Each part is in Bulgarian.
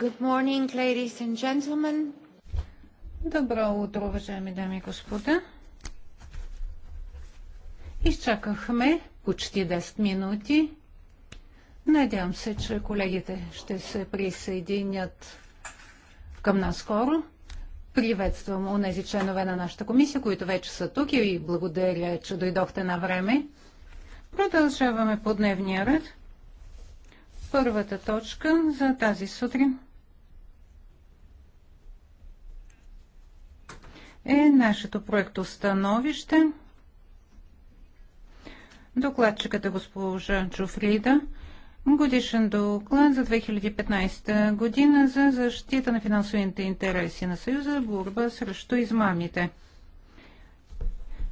Good morning, ladies and gentlemen. Добро утро, уважаеми дами и господа. Изчакахме почти 10 минути. Надявам се, че колегите ще се присъединят към нас скоро. Приветствам нези членове на нашата комисия, които вече са тук и благодаря, че дойдохте на време. Продължаваме по дневния ред. Първата точка за тази сутрин е нашето проекто становище. Докладчикът е госпожа Джуфрида. Годишен доклад за 2015 година за защита на финансовите интереси на Съюза, борба срещу измамите.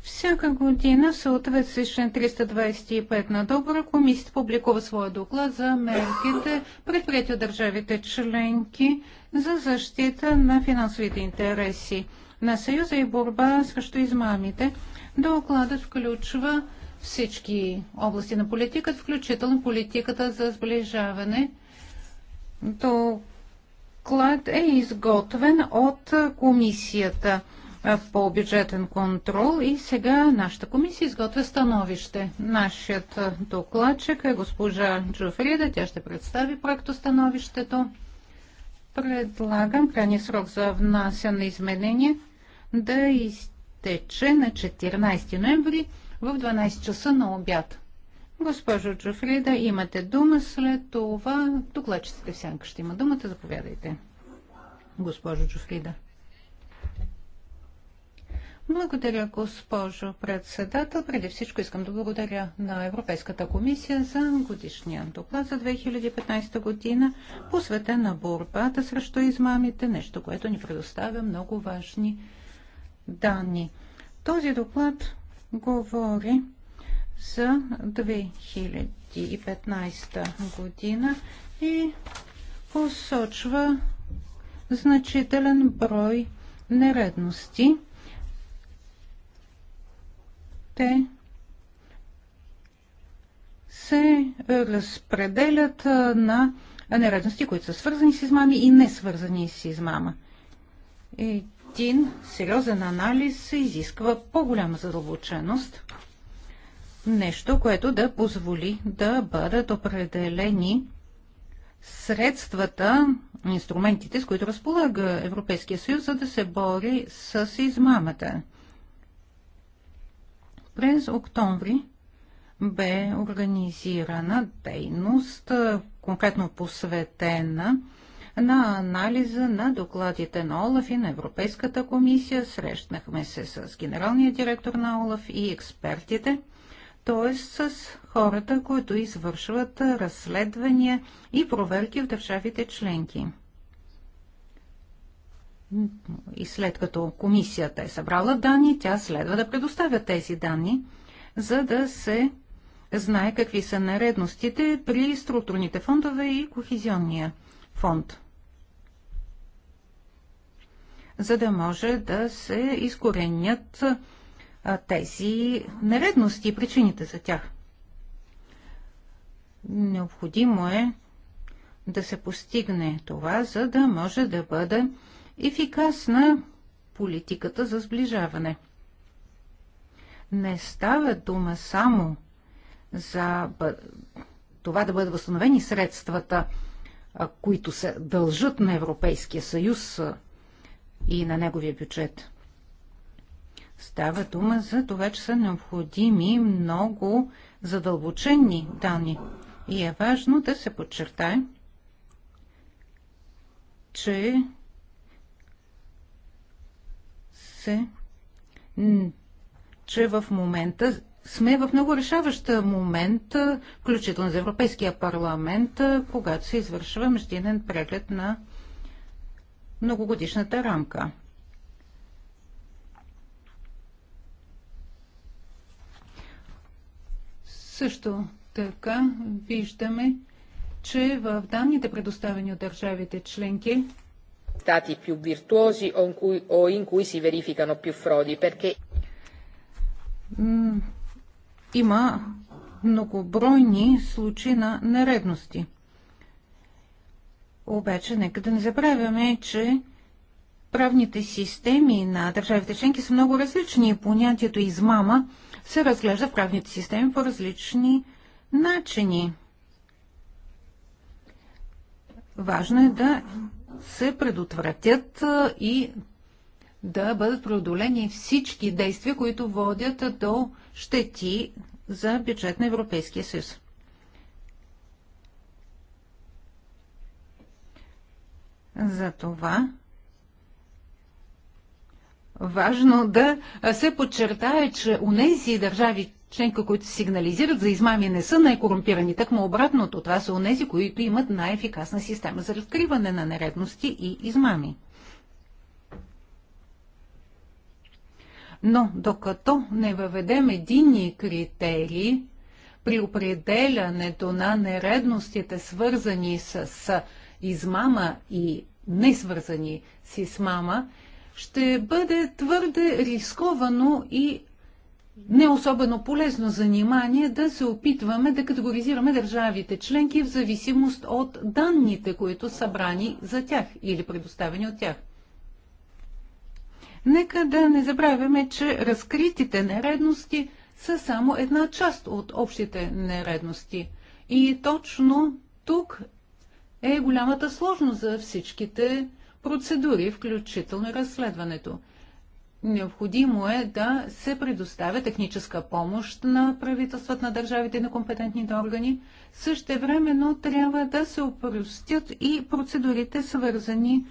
Всяка година в съответствие с член 325 на добра комисията публикува своя доклад за мерките, предприяти от държавите членки за защита на финансовите интереси на Съюза и борба срещу измамите. Докладът включва всички области на политиката, включително политиката за сближаване. Доклад е изготвен от комисията по бюджетен контрол и сега нашата комисия изготвя становище. Нашият докладчик е госпожа Джуфрида. Тя ще представи проекто становището предлагам крайния срок за внасяне на изменения да изтече на 14 ноември в 12 часа на обяд. Госпожо Джофрида, имате дума. След това докладчиците в сянка ще има думата. Заповядайте. Госпожо Джофрида. Благодаря, госпожо председател. Преди всичко искам да благодаря на Европейската комисия за годишния доклад за 2015 година, посветен на борбата срещу измамите, нещо, което ни предоставя много важни данни. Този доклад говори за 2015 година и посочва значителен брой нередности – те се е, разпределят е, на нередности, които са свързани с измами и не свързани с измама. Един сериозен анализ се изисква по-голяма задълбоченост, нещо, което да позволи да бъдат определени средствата, инструментите, с които разполага Европейския съюз, за да се бори с измамата. През октомври бе организирана дейност, конкретно посветена на анализа на докладите на ОЛАФ и на Европейската комисия. Срещнахме се с генералния директор на ОЛАФ и експертите, т.е. с хората, които извършват разследвания и проверки в държавите членки и след като комисията е събрала данни, тя следва да предоставя тези данни, за да се знае какви са наредностите при структурните фондове и кохезионния фонд. За да може да се изкоренят тези нередности и причините за тях. Необходимо е да се постигне това, за да може да бъде ефикасна политиката за сближаване. Не става дума само за това да бъдат възстановени средствата, които се дължат на Европейския съюз и на неговия бюджет. Става дума за това, че са необходими много задълбочени данни. И е важно да се подчертае, че се, че в момента сме в много решаваща момент, включително за Европейския парламент, когато се извършва междинен преглед на многогодишната рамка. Също така виждаме, че в данните, предоставени от държавите членки, stati più virtuosi o in cui, o in cui si verificano più frodi, perché има многобройни случаи на нередности. Обаче, нека да не забравяме, че правните системи на държавите членки са много различни и понятието измама се разглежда в правните системи по различни начини. Важно е да се предотвратят и да бъдат преодолени всички действия, които водят до щети за бюджет на Европейския съюз. Затова важно да се подчертае, че у нези държави членка, които сигнализират за измами, не са най-корумпирани. Такмо обратното, това са онези, които имат най-ефикасна система за разкриване на нередности и измами. Но докато не въведем единни критерии при определянето на нередностите, свързани с, с измама и не свързани с измама, ще бъде твърде рисковано и не особено полезно занимание да се опитваме да категоризираме държавите членки в зависимост от данните, които са брани за тях или предоставени от тях. Нека да не забравяме, че разкритите нередности са само една част от общите нередности. И точно тук е голямата сложност за всичките процедури, включително и разследването – Необходимо е да се предоставя техническа помощ на правителствата на държавите и на компетентните органи. Същевременно трябва да се опростят и процедурите, свързани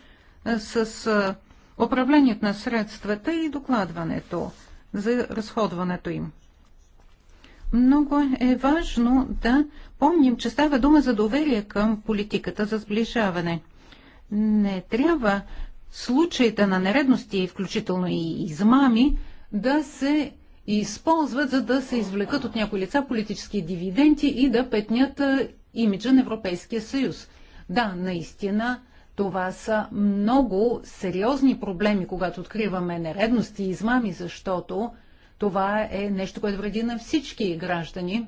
с управлението на средствата и докладването за разходването им. Много е важно да помним, че става дума за доверие към политиката за сближаване. Не трябва случаите на нередности, включително и измами, да се използват, за да се извлекат от някои лица политически дивиденти и да петнят имиджа на Европейския съюз. Да, наистина, това са много сериозни проблеми, когато откриваме нередности и измами, защото това е нещо, което вреди на всички граждани.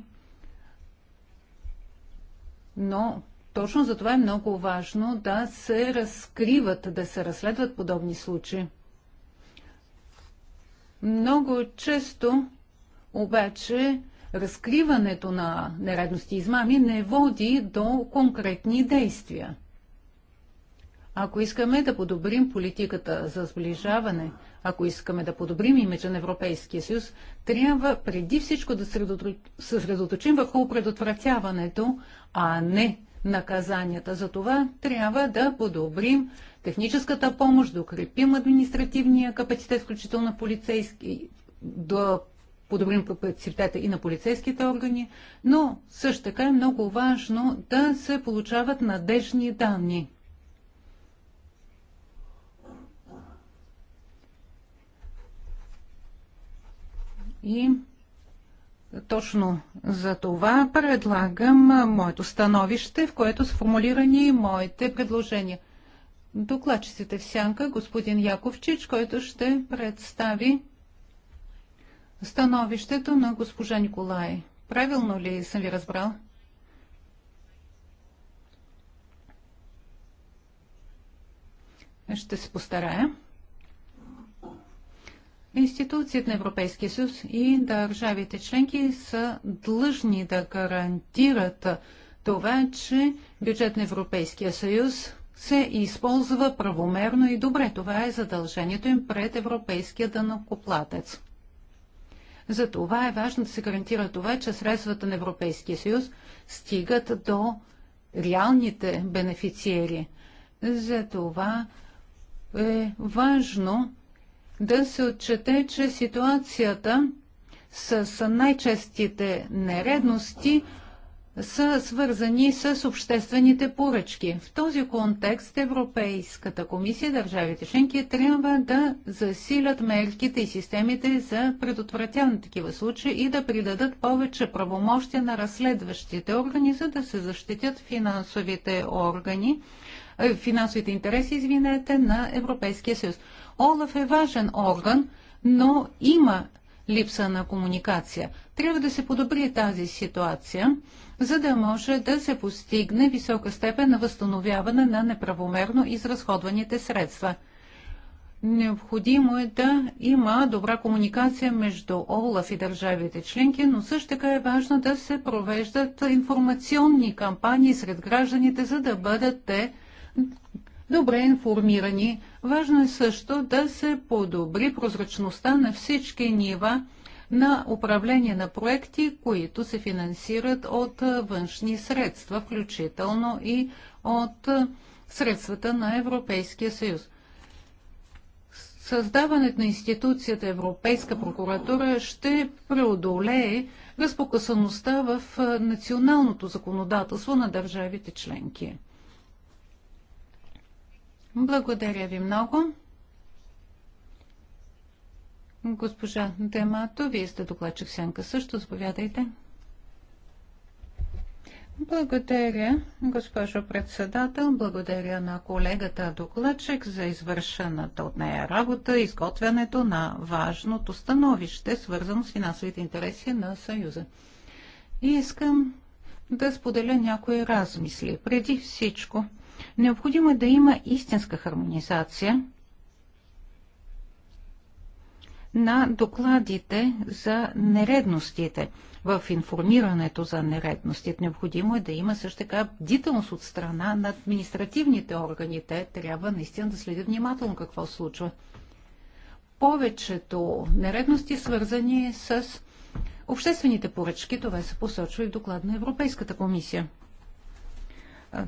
Но точно за това е много важно да се разкриват, да се разследват подобни случаи. Много често обаче разкриването на нередности и измами не води до конкретни действия. Ако искаме да подобрим политиката за сближаване, ако искаме да подобрим имиджа на Европейския съюз, трябва преди всичко да съсредоточим върху предотвратяването, а не наказанията. За това трябва да подобрим техническата помощ, да укрепим административния капацитет, включително на полицейски, да подобрим капацитета и на полицейските органи, но също така е много важно да се получават надежни данни. И точно за това предлагам моето становище, в което са формулирани моите предложения. Докладчиците в сянка, господин Яковчич, който ще представи становището на госпожа Николай. Правилно ли съм ви разбрал? Ще се постарая. Институциите на Европейския съюз и държавите членки са длъжни да гарантират това, че бюджет на Европейския съюз се използва правомерно и добре. Това е задължението им пред европейския данокоплатец. За това е важно да се гарантира това, че средствата на Европейския съюз стигат до реалните бенефициери. За това е важно да се отчете, че ситуацията с най-честите нередности са свързани с обществените поръчки. В този контекст Европейската комисия държавите членки трябва да засилят мерките и системите за предотвратяване такива случаи и да придадат повече правомощия на разследващите органи, за да се защитят финансовите органи, е, финансовите интереси, извинете, на Европейския съюз. Олаф е важен орган, но има липса на комуникация. Трябва да се подобри тази ситуация, за да може да се постигне висока степен на възстановяване на неправомерно изразходваните средства. Необходимо е да има добра комуникация между ОЛАФ и държавите членки, но също така е важно да се провеждат информационни кампании сред гражданите, за да бъдат те добре информирани Важно е също да се подобри прозрачността на всички нива на управление на проекти, които се финансират от външни средства, включително и от средствата на Европейския съюз. Създаването на институцията Европейска прокуратура ще преодолее разпокъсаността в националното законодателство на държавите членки. Благодаря ви много. Госпожа Демато, вие сте докладчик Сянка също. Заповядайте. Благодаря, госпожо председател. Благодаря на колегата докладчик за извършената от нея работа и изготвянето на важното становище, свързано с финансовите интереси на Съюза. И искам да споделя някои размисли. Преди всичко, необходимо е да има истинска хармонизация на докладите за нередностите. В информирането за нередностите необходимо е да има също така бдителност от страна на административните органи. Те трябва наистина да следят внимателно какво случва. Повечето нередности свързани с обществените поръчки. Това се посочва и в доклад на Европейската комисия.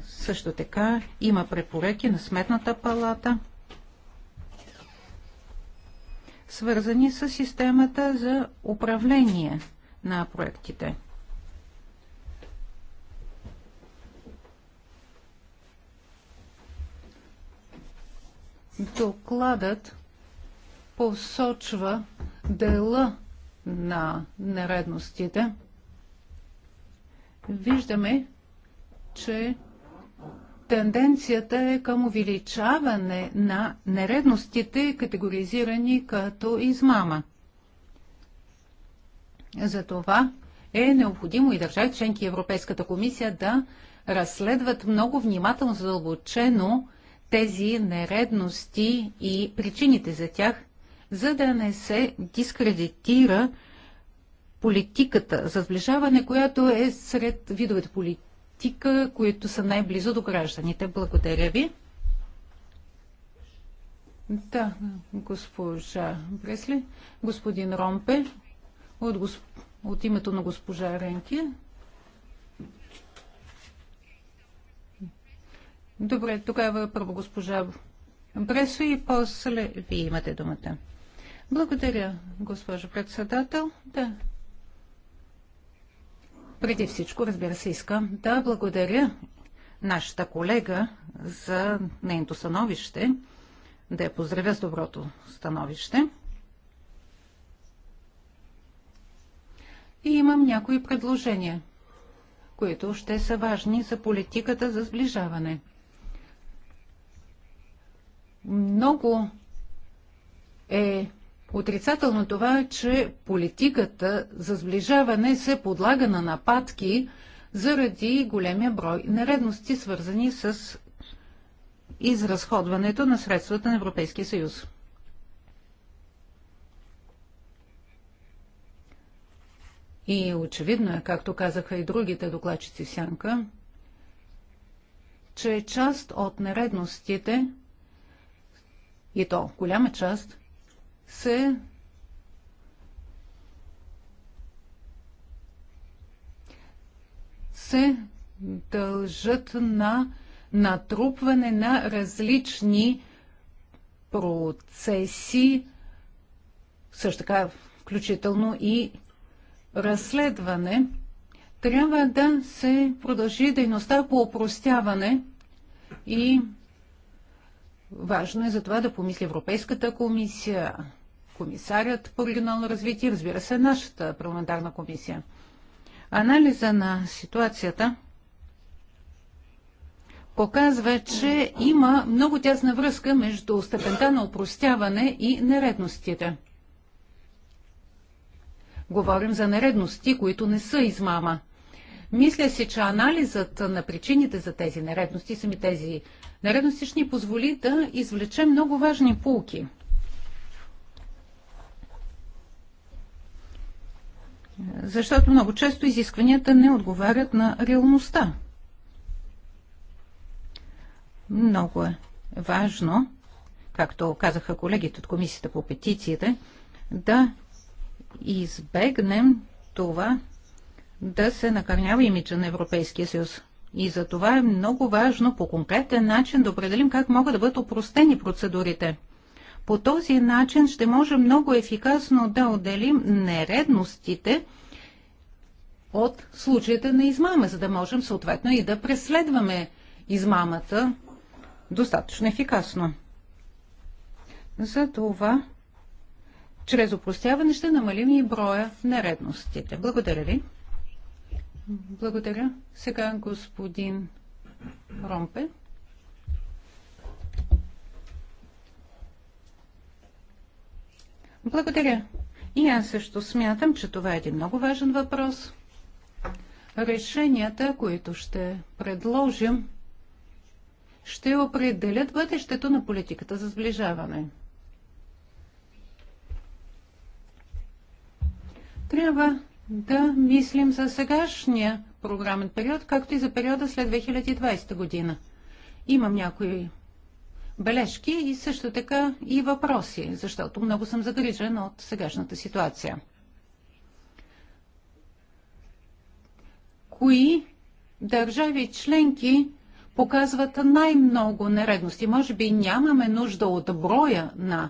Също така има препоръки на Сметната палата, свързани с системата за управление на проектите. Докладът посочва дела на нередностите, виждаме, че тенденцията е към увеличаване на нередностите, категоризирани като измама. Затова е необходимо и държави, членки Европейската комисия да разследват много внимателно задълбочено тези нередности и причините за тях, за да не се дискредитира политиката за сближаване, която е сред видовете политика, които са най-близо до гражданите. Благодаря ви. Да, госпожа Бресли, господин Ромпе, от, госп... от името на госпожа Ренки. Добре, тогава първо госпожа Бресо и после вие имате думата. Благодаря, госпожо председател. Да. Преди всичко, разбира се, искам да благодаря нашата колега за нейното становище, да я поздравя с доброто становище. И имам някои предложения, които ще са важни за политиката за сближаване. Много е Отрицателно е това е, че политиката за сближаване се подлага на нападки заради големия брой нередности, свързани с изразходването на средствата на Европейския съюз. И очевидно е, както казаха и другите докладчици в Сянка, че част от нередностите, и то голяма част, се се дължат на натрупване на различни процеси, също така включително и разследване, трябва да се продължи дейността по опростяване и важно е за това да помисли Европейската комисия, комисарят по регионално развитие, разбира се, нашата парламентарна комисия. Анализа на ситуацията показва, че има много тясна връзка между степента на упростяване и нередностите. Говорим за нередности, които не са измама. Мисля си, че анализът на причините за тези нередности, сами тези нередности, ще ни позволи да извлечем много важни полки – Защото много често изискванията не отговарят на реалността. Много е важно, както казаха колегите от комисията по петициите, да избегнем това да се накърнява имиджа на Европейския съюз. И за това е много важно по конкретен начин да определим как могат да бъдат опростени процедурите. По този начин ще може много ефикасно да отделим нередностите от случаите на измама, за да можем съответно и да преследваме измамата достатъчно ефикасно. За това, чрез упростяване ще намалим и броя редностите. Благодаря ви. Благодаря. Сега господин Ромпе. Благодаря. И аз също смятам, че това е един много важен въпрос. Решенията, които ще предложим, ще определят бъдещето на политиката за сближаване. Трябва да мислим за сегашния програмен период, както и за периода след 2020 година. Имам някои бележки и също така и въпроси, защото много съм загрижен от сегашната ситуация. Кои държави членки показват най-много нередности? Може би нямаме нужда от броя на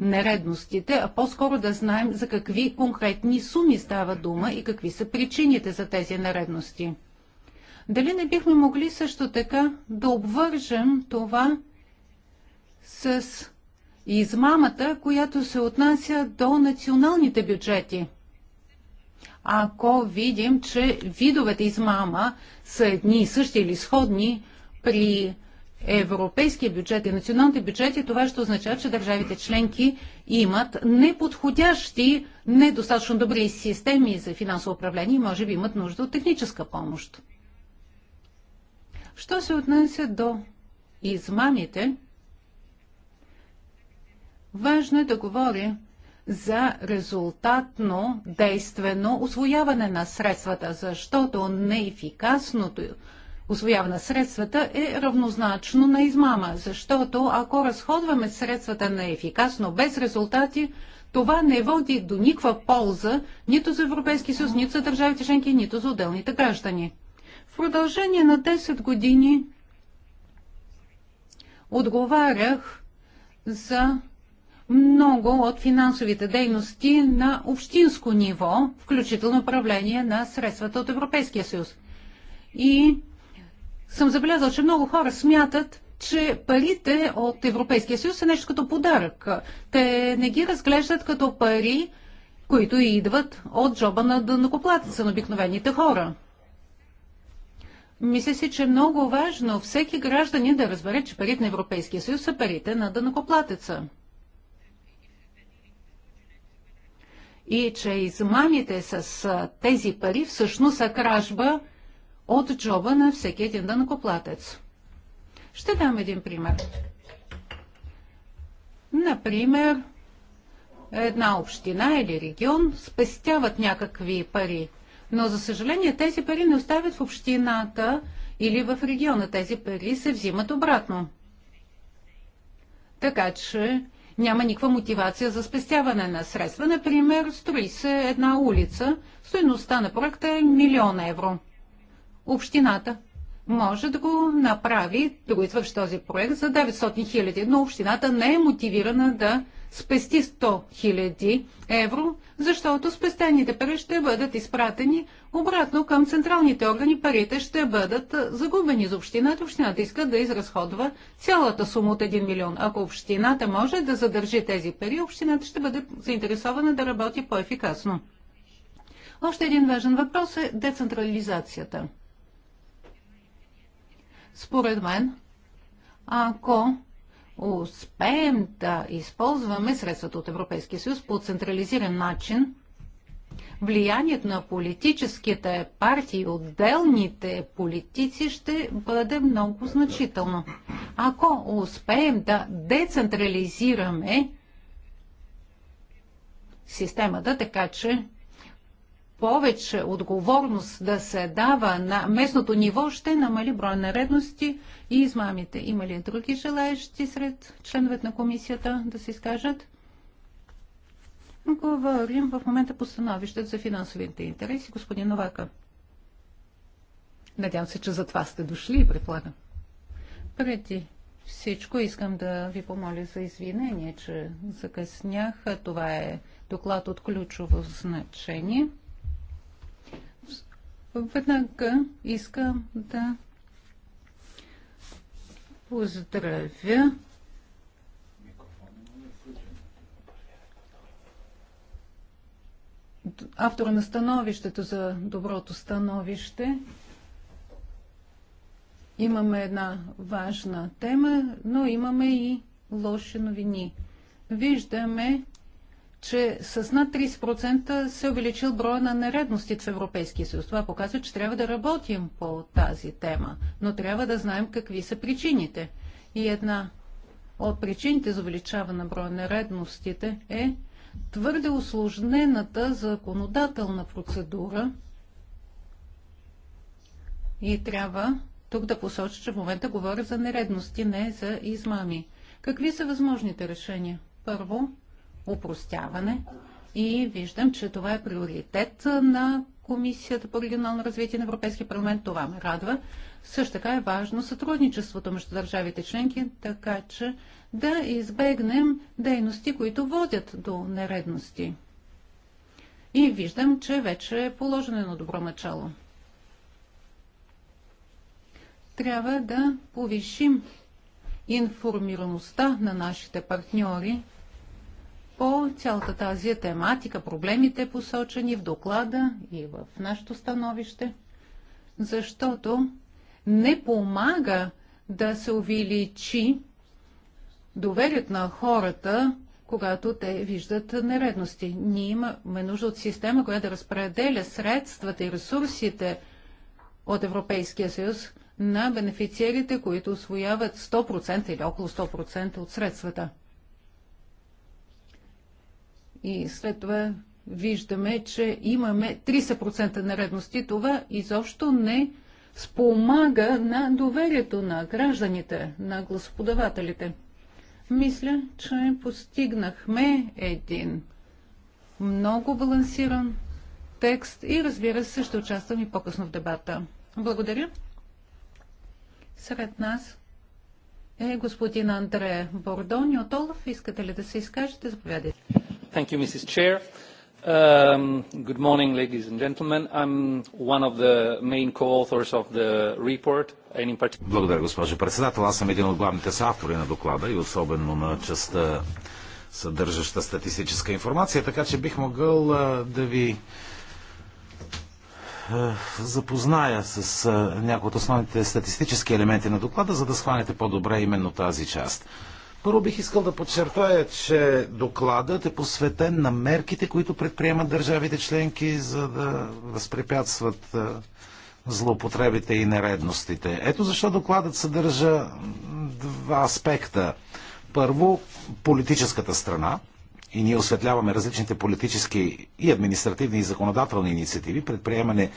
нередностите, а по-скоро да знаем за какви конкретни суми става дума и какви са причините за тези нередности. Дали не бихме могли също така да обвържем това с измамата, която се отнася до националните бюджети. Ако видим, че видовете измама са едни и същи или сходни при европейския бюджет и националните бюджети, това ще означава, че държавите членки имат неподходящи, недостатъчно добри системи за финансово управление и може би имат нужда от техническа помощ. Що се отнася до измамите, Важно е да говоря за резултатно, действено освояване на средствата, защото неефикасното освояване на средствата е равнозначно на измама, защото ако разходваме средствата неефикасно, без резултати, това не води до никаква полза нито за Европейски съюз, нито за държавите членки, нито за отделните граждани. В продължение на 10 години отговарях за много от финансовите дейности на общинско ниво, включително управление на средствата от Европейския съюз. И съм забелязал, че много хора смятат, че парите от Европейския съюз са нещо като подарък. Те не ги разглеждат като пари, които идват от джоба на дънокоплатеца на обикновените хора. Мисля си, че е много важно всеки гражданин да разбере, че парите на Европейския съюз са парите на дънокоплатеца. и че измамите с тези пари всъщност са кражба от джоба на всеки един дънкоплатец. Ще дам един пример. Например, една община или регион спестяват някакви пари, но за съжаление тези пари не оставят в общината или в региона. Тези пари се взимат обратно. Така че няма никаква мотивация за спестяване на средства. Например, строи се една улица, стоеността на проекта е милион евро. Общината може да го направи, да го извърши този проект за 900 хиляди, но общината не е мотивирана да спести 100 000 евро, защото спестените пари ще бъдат изпратени обратно към централните органи. Парите ще бъдат загубени за общината. Общината иска да изразходва цялата сума от 1 милион. Ако общината може да задържи тези пари, общината ще бъде заинтересована да работи по-ефикасно. Още един важен въпрос е децентрализацията. Според мен, ако успеем да използваме средствата от Европейския съюз по централизиран начин, влиянието на политическите партии, отделните политици ще бъде много значително. Ако успеем да децентрализираме системата, така че повече отговорност да се дава на местното ниво, ще намали брой наредности и измамите. Има ли други желаещи сред членовете на комисията да се изкажат? Говорим в момента по становище за финансовите интереси, господин Новака. Надявам се, че за това сте дошли и предполагам. Преди всичко искам да ви помоля за извинение, че закъснях. Това е доклад от ключово значение. Веднага искам да поздравя автора на становището за доброто становище. Имаме една важна тема, но имаме и лоши новини. Виждаме, че с над 30% се е увеличил броя на нередностите в Европейския съюз. Това показва, че трябва да работим по тази тема, но трябва да знаем какви са причините. И една от причините за увеличаване на броя на нередностите е твърде осложнената законодателна процедура и трябва тук да посоча, че в момента говоря за нередности, не за измами. Какви са възможните решения? Първо, упростяване и виждам, че това е приоритет на Комисията по регионално развитие на Европейския парламент. Това ме радва. Също така е важно сътрудничеството между държавите членки, така че да избегнем дейности, които водят до нередности. И виждам, че вече е положено едно добро начало. Трябва да повишим информираността на нашите партньори по цялата тази тематика, проблемите посочени в доклада и в нашето становище, защото не помага да се увеличи доверят на хората, когато те виждат нередности. Ние имаме нужда от система, която да разпределя средствата и ресурсите от Европейския съюз на бенефициерите, които освояват 100% или около 100% от средствата. И след това виждаме, че имаме 30% наредности. Това изобщо не спомага на доверието на гражданите, на гласоподавателите. Мисля, че постигнахме един много балансиран текст и разбира се, ще участвам и по-късно в дебата. Благодаря. Сред нас е господин Андре Бордони от Олаф. Искате ли да се изкажете? Заповядайте. Thank you, Mrs. Chair. Um, good morning, ladies and gentlemen. I'm one of the main co-authors of the report, and in particular... Благодаря, госпожо председател. Аз съм един от главните съавтори на доклада и особено на частта съдържаща статистическа информация, така че бих могъл а, да ви а, запозная с а, някои от основните статистически елементи на доклада, за да схванете по-добре именно тази част. Първо бих искал да подчертая, че докладът е посветен на мерките, които предприемат държавите членки, за да възпрепятстват е, злоупотребите и нередностите. Ето защо докладът съдържа два аспекта. Първо, политическата страна. И ние осветляваме различните политически и административни и законодателни инициативи, предприемане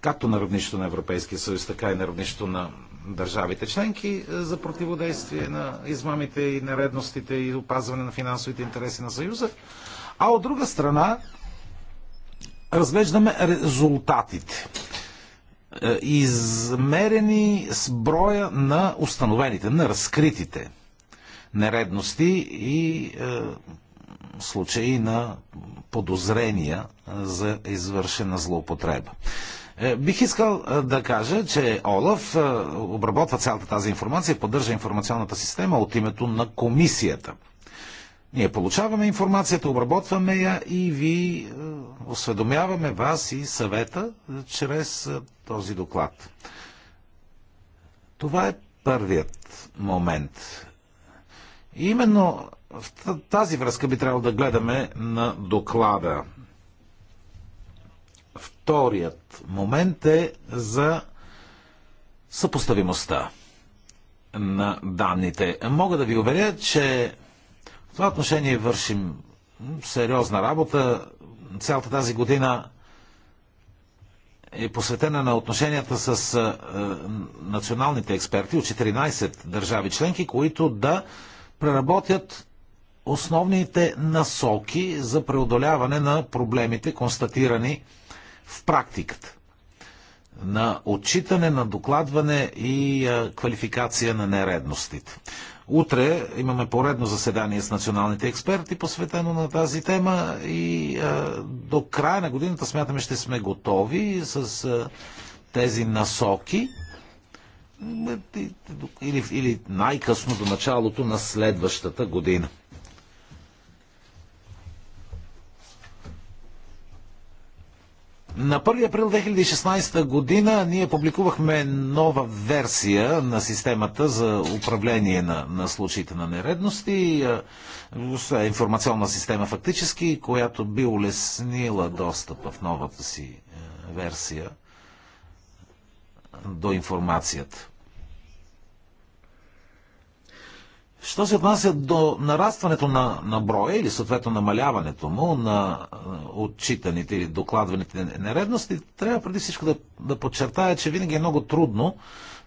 както на равнището на Европейския съюз, така и на равнището на държавите членки е, за противодействие на измамите и нередностите и опазване на финансовите интереси на Съюза. А от друга страна, разглеждаме резултатите. Е, измерени с броя на установените, на разкритите нередности и е, случаи на подозрения за извършена злоупотреба. Е, бих искал е, да кажа, че Олаф е, обработва цялата тази информация и поддържа информационната система от името на комисията. Ние получаваме информацията, обработваме я и ви осведомяваме вас и съвета чрез този доклад. Това е първият момент. И именно в тази връзка би трябвало да гледаме на доклада Вторият момент е за съпоставимостта на данните. Мога да ви уверя, че в това отношение вършим сериозна работа. Цялата тази година е посветена на отношенията с е, националните експерти от 14 държави членки, които да преработят основните насоки за преодоляване на проблемите, констатирани в практиката на отчитане, на докладване и квалификация на нередностите. Утре имаме поредно заседание с националните експерти, посветено на тази тема и а, до края на годината смятаме ще сме готови с а, тези насоки или, или най-късно до началото на следващата година. На 1 април 2016 година ние публикувахме нова версия на системата за управление на, на случаите на нередности. Информационна система фактически, която би улеснила достъпа в новата си версия до информацията. Що се отнася до нарастването на, на броя или съответно намаляването му на е, отчитаните или докладваните нередности, трябва преди всичко да, да подчертая, че винаги е много трудно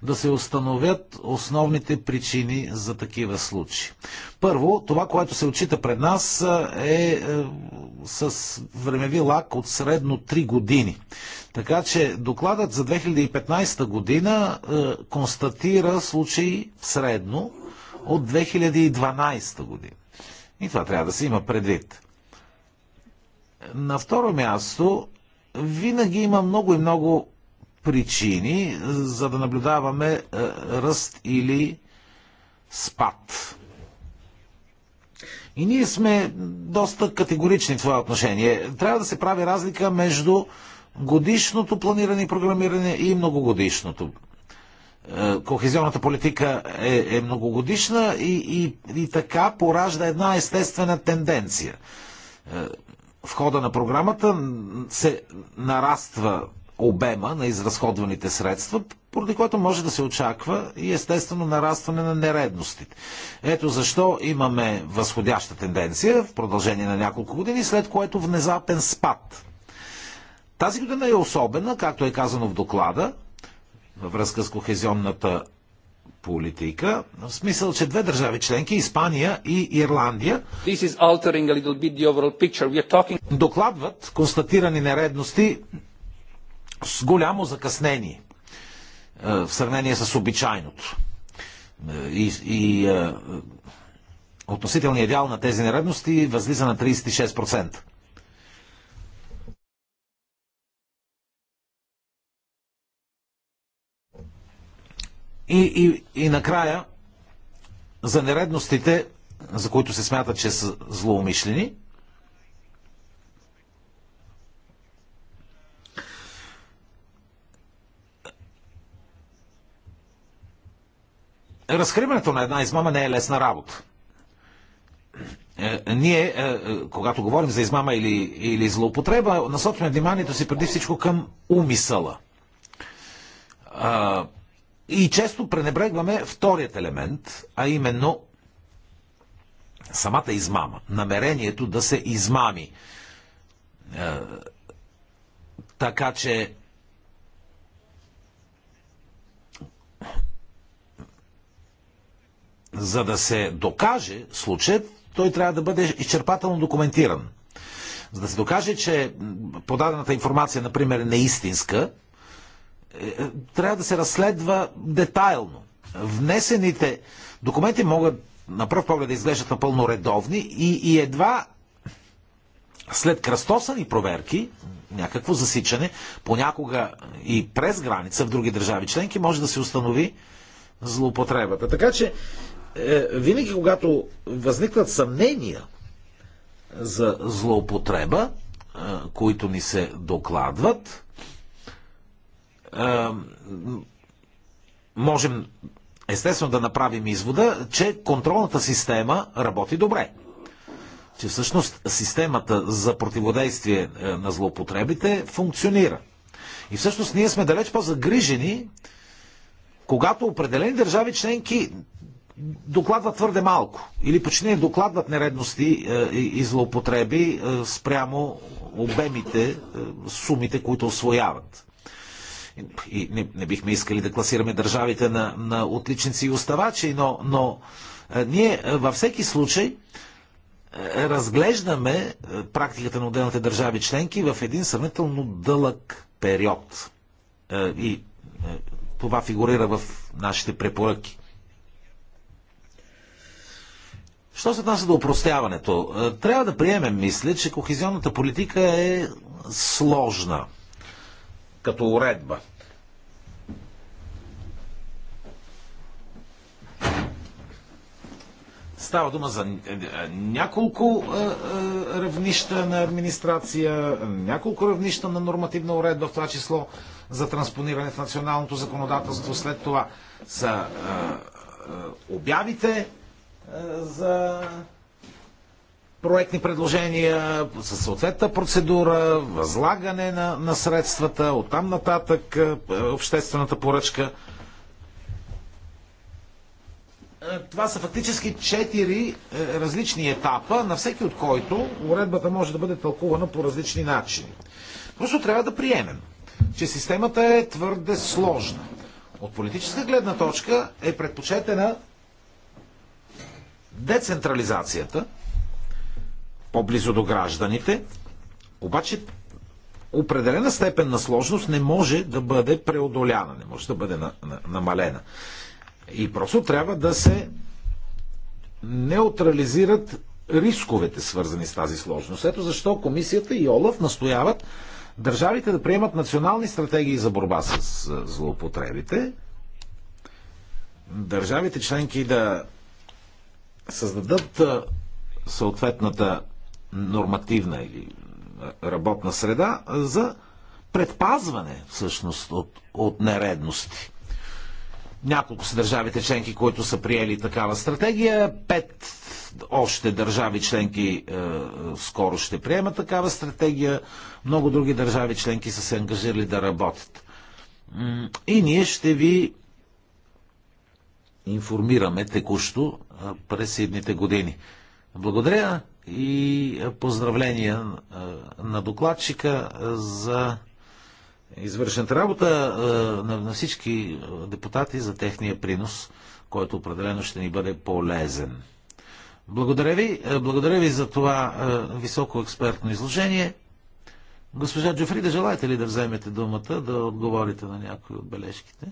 да се установят основните причини за такива случаи. Първо, това, което се отчита пред нас е, е с времеви лак от средно 3 години. Така че докладът за 2015 година е, констатира случаи средно от 2012 година. И това трябва да се има предвид. На второ място, винаги има много и много причини, за да наблюдаваме е, ръст или спад. И ние сме доста категорични в това отношение. Трябва да се прави разлика между годишното планиране и програмиране и многогодишното е, кохезионната политика е, е многогодишна и, и, и така поражда една естествена тенденция. Е, в хода на програмата се нараства обема на изразходваните средства, поради което може да се очаква и естествено нарастване на нередностите. Ето защо имаме възходяща тенденция в продължение на няколко години, след което внезапен спад. Тази година е особена, както е казано в доклада, във връзка с кохезионната политика, в смисъл, че две държави членки, Испания и Ирландия, talking... докладват констатирани нередности с голямо закъснение е, в сравнение с обичайното. Е, и, и е, относителният дял на тези нередности възлиза на 36%. И, и, и накрая, за нередностите, за които се смята, че са злоумишлени, разкриването на една измама не е лесна работа. Е, ние, е, е, когато говорим за измама или, или злоупотреба, насочваме вниманието си преди всичко към умисъла. И често пренебрегваме вторият елемент, а именно самата измама, намерението да се измами. Е, така че за да се докаже случаят, той трябва да бъде изчерпателно документиран. За да се докаже, че подадената информация, например, е неистинска, е, е, трябва да се разследва детайлно. Внесените документи могат на пръв поглед да изглеждат напълно редовни и, и едва след кръстосани проверки, някакво засичане, понякога и през граница в други държави членки, може да се установи злоупотребата. Така че, е, винаги когато възникват съмнения за злоупотреба, е, които ни се докладват, можем естествено да направим извода, че контролната система работи добре. Че всъщност системата за противодействие е, на злоупотребите функционира. И всъщност ние сме далеч по-загрижени, когато определени държави членки докладват твърде малко или почти не докладват нередности е, и злоупотреби е, спрямо обемите, сумите, които освояват. И не, не бихме искали да класираме държавите на, на отличници и оставачи, но, но е, ние е, във всеки случай е, разглеждаме практиката на отделните държави членки в един сравнително дълъг период. И това фигурира в нашите препоръки. Що се отнася до упростяването? Трябва да приемем, мисля, че кохезионната политика е сложна като уредба. Става дума за е, няколко е, е, равнища на администрация, няколко равнища на нормативна уредба, в това число за транспониране в националното законодателство. След това са обявите за проектни предложения, със съответната процедура, възлагане на, на средствата, оттам нататък е, обществената поръчка. Е, това са фактически четири е, различни етапа, на всеки от който уредбата може да бъде тълкувана по различни начини. Просто трябва да приемем, че системата е твърде сложна. От политическа гледна точка е предпочетена децентрализацията – по-близо до гражданите, обаче определена степен на сложност не може да бъде преодоляна, не може да бъде намалена. И просто трябва да се неутрализират рисковете, свързани с тази сложност. Ето защо комисията и Олаф настояват държавите да приемат национални стратегии за борба с злоупотребите, държавите членки да създадат съответната нормативна или работна среда за предпазване всъщност от, от нередности. Няколко са държавите членки, които са приели такава стратегия. Пет още държави членки е, скоро ще приемат такава стратегия. Много други държави членки са се ангажирали да работят. И ние ще ви информираме текущо е, през едните години. Благодаря и е, поздравления е, на докладчика е, за извършената работа на всички депутати за техния принос, който определено ще ни бъде полезен. Благодаря ви, благодаря ви за това високо експертно изложение. Госпожа Джофрида, желаете ли да вземете думата, да отговорите на някои от бележките?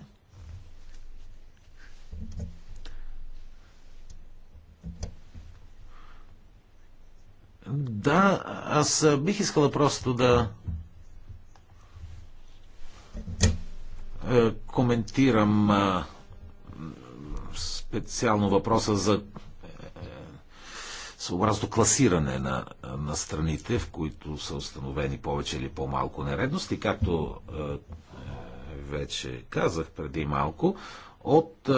Да, аз бих искала просто да коментирам специално въпроса за е, е, съобразно класиране на, на страните, в които са установени повече или по-малко нередности, както е, вече казах преди малко, от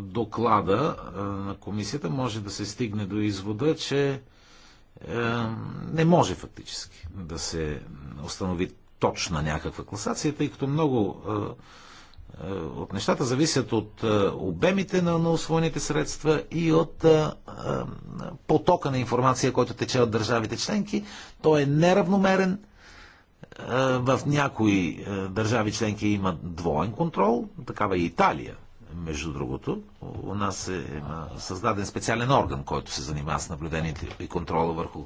доклада на комисията може да се стигне до извода, че е, не може фактически да се установи точна някаква класация, тъй като много е, е, от нещата зависят от обемите на, на средства и от а, а, потока на информация, който тече от държавите членки. Той е неравномерен. А, в някои държави членки има двоен контрол, такава е Италия, между другото. У нас е създаден специален орган, който се занимава с наблюдението и контрола върху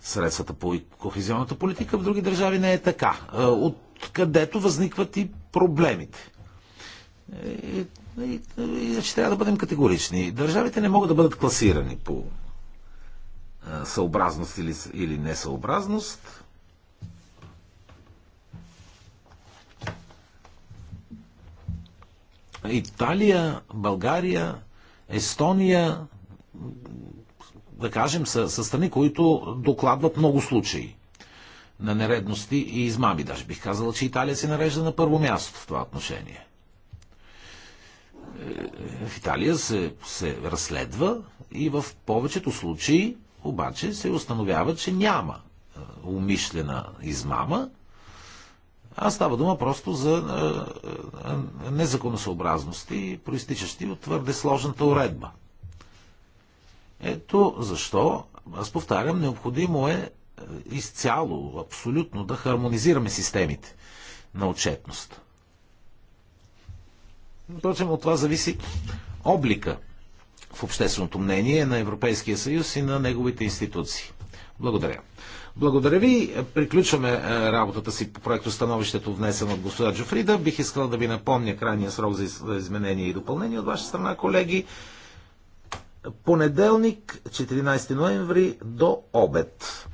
средствата по кохезионната политика. В други държави не е така. Е, откъдето възникват и проблемите. И, и, и, и трябва да бъдем категорични. Държавите не могат да бъдат класирани по е, съобразност или, или несъобразност Италия, България, Естония, да кажем, са, са страни, които докладват много случаи на нередности и измами. Даже бих казала, че Италия се нарежда на първо място в това отношение. Е, в Италия се, се разследва и в повечето случаи обаче се установява, че няма е, умишлена измама, а става дума просто за е, е, е, незаконосъобразности, проистичащи от твърде сложната уредба. Ето защо, аз повтарям, необходимо е изцяло, абсолютно да хармонизираме системите на отчетност. Впрочем, от това зависи облика в общественото мнение на Европейския съюз и на неговите институции. Благодаря. Благодаря ви. Приключваме е, работата си по проекто становището, внесено от господа Джофрида. Бих искал да ви напомня крайния срок за изменение и допълнение от ваша страна, колеги. Понеделник, 14 ноември, до обед.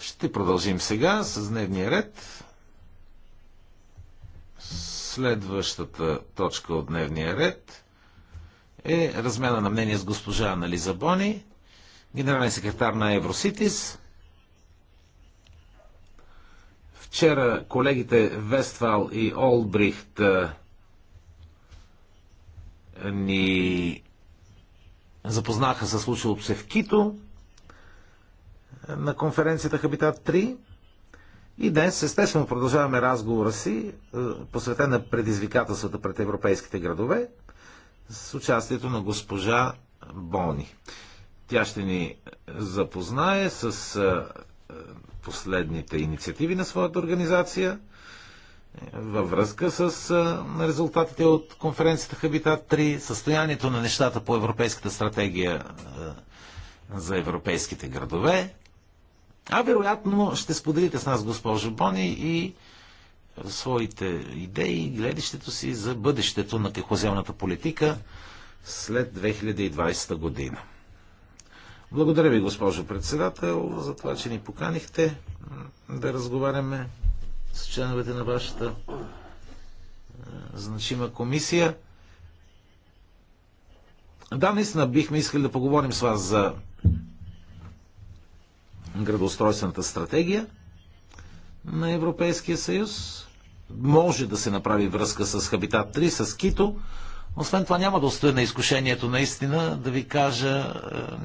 Ще продължим сега с дневния ред. Следващата точка от дневния ред – е размяна на мнение с госпожа Анализа Бони, генерален секретар на Евроситис. Вчера колегите Вествал и Олбрихт ни запознаха със случилото се в Кито на конференцията Хабитат 3. И днес, естествено, продължаваме разговора си, посветен на предизвикателствата пред европейските градове – с участието на госпожа Бони. Тя ще ни запознае с е, е, последните инициативи на своята организация е, във връзка с резултатите от конференцията Хабитат 3, състоянието на нещата по Европейската стратегия за европейските градове. А вероятно ще споделите с нас, госпожо Бони, и своите идеи и гледището си за бъдещето на тихоземната политика след 2020 година. Благодаря ви, госпожо председател, за това, че ни поканихте да разговаряме с членовете на вашата е, значима комисия. Да, наистина бихме искали да поговорим с вас за градоустройствената стратегия на Европейския съюз може да се направи връзка с Хабитат 3, с Кито. Освен това няма да устоя на изкушението наистина да ви кажа е,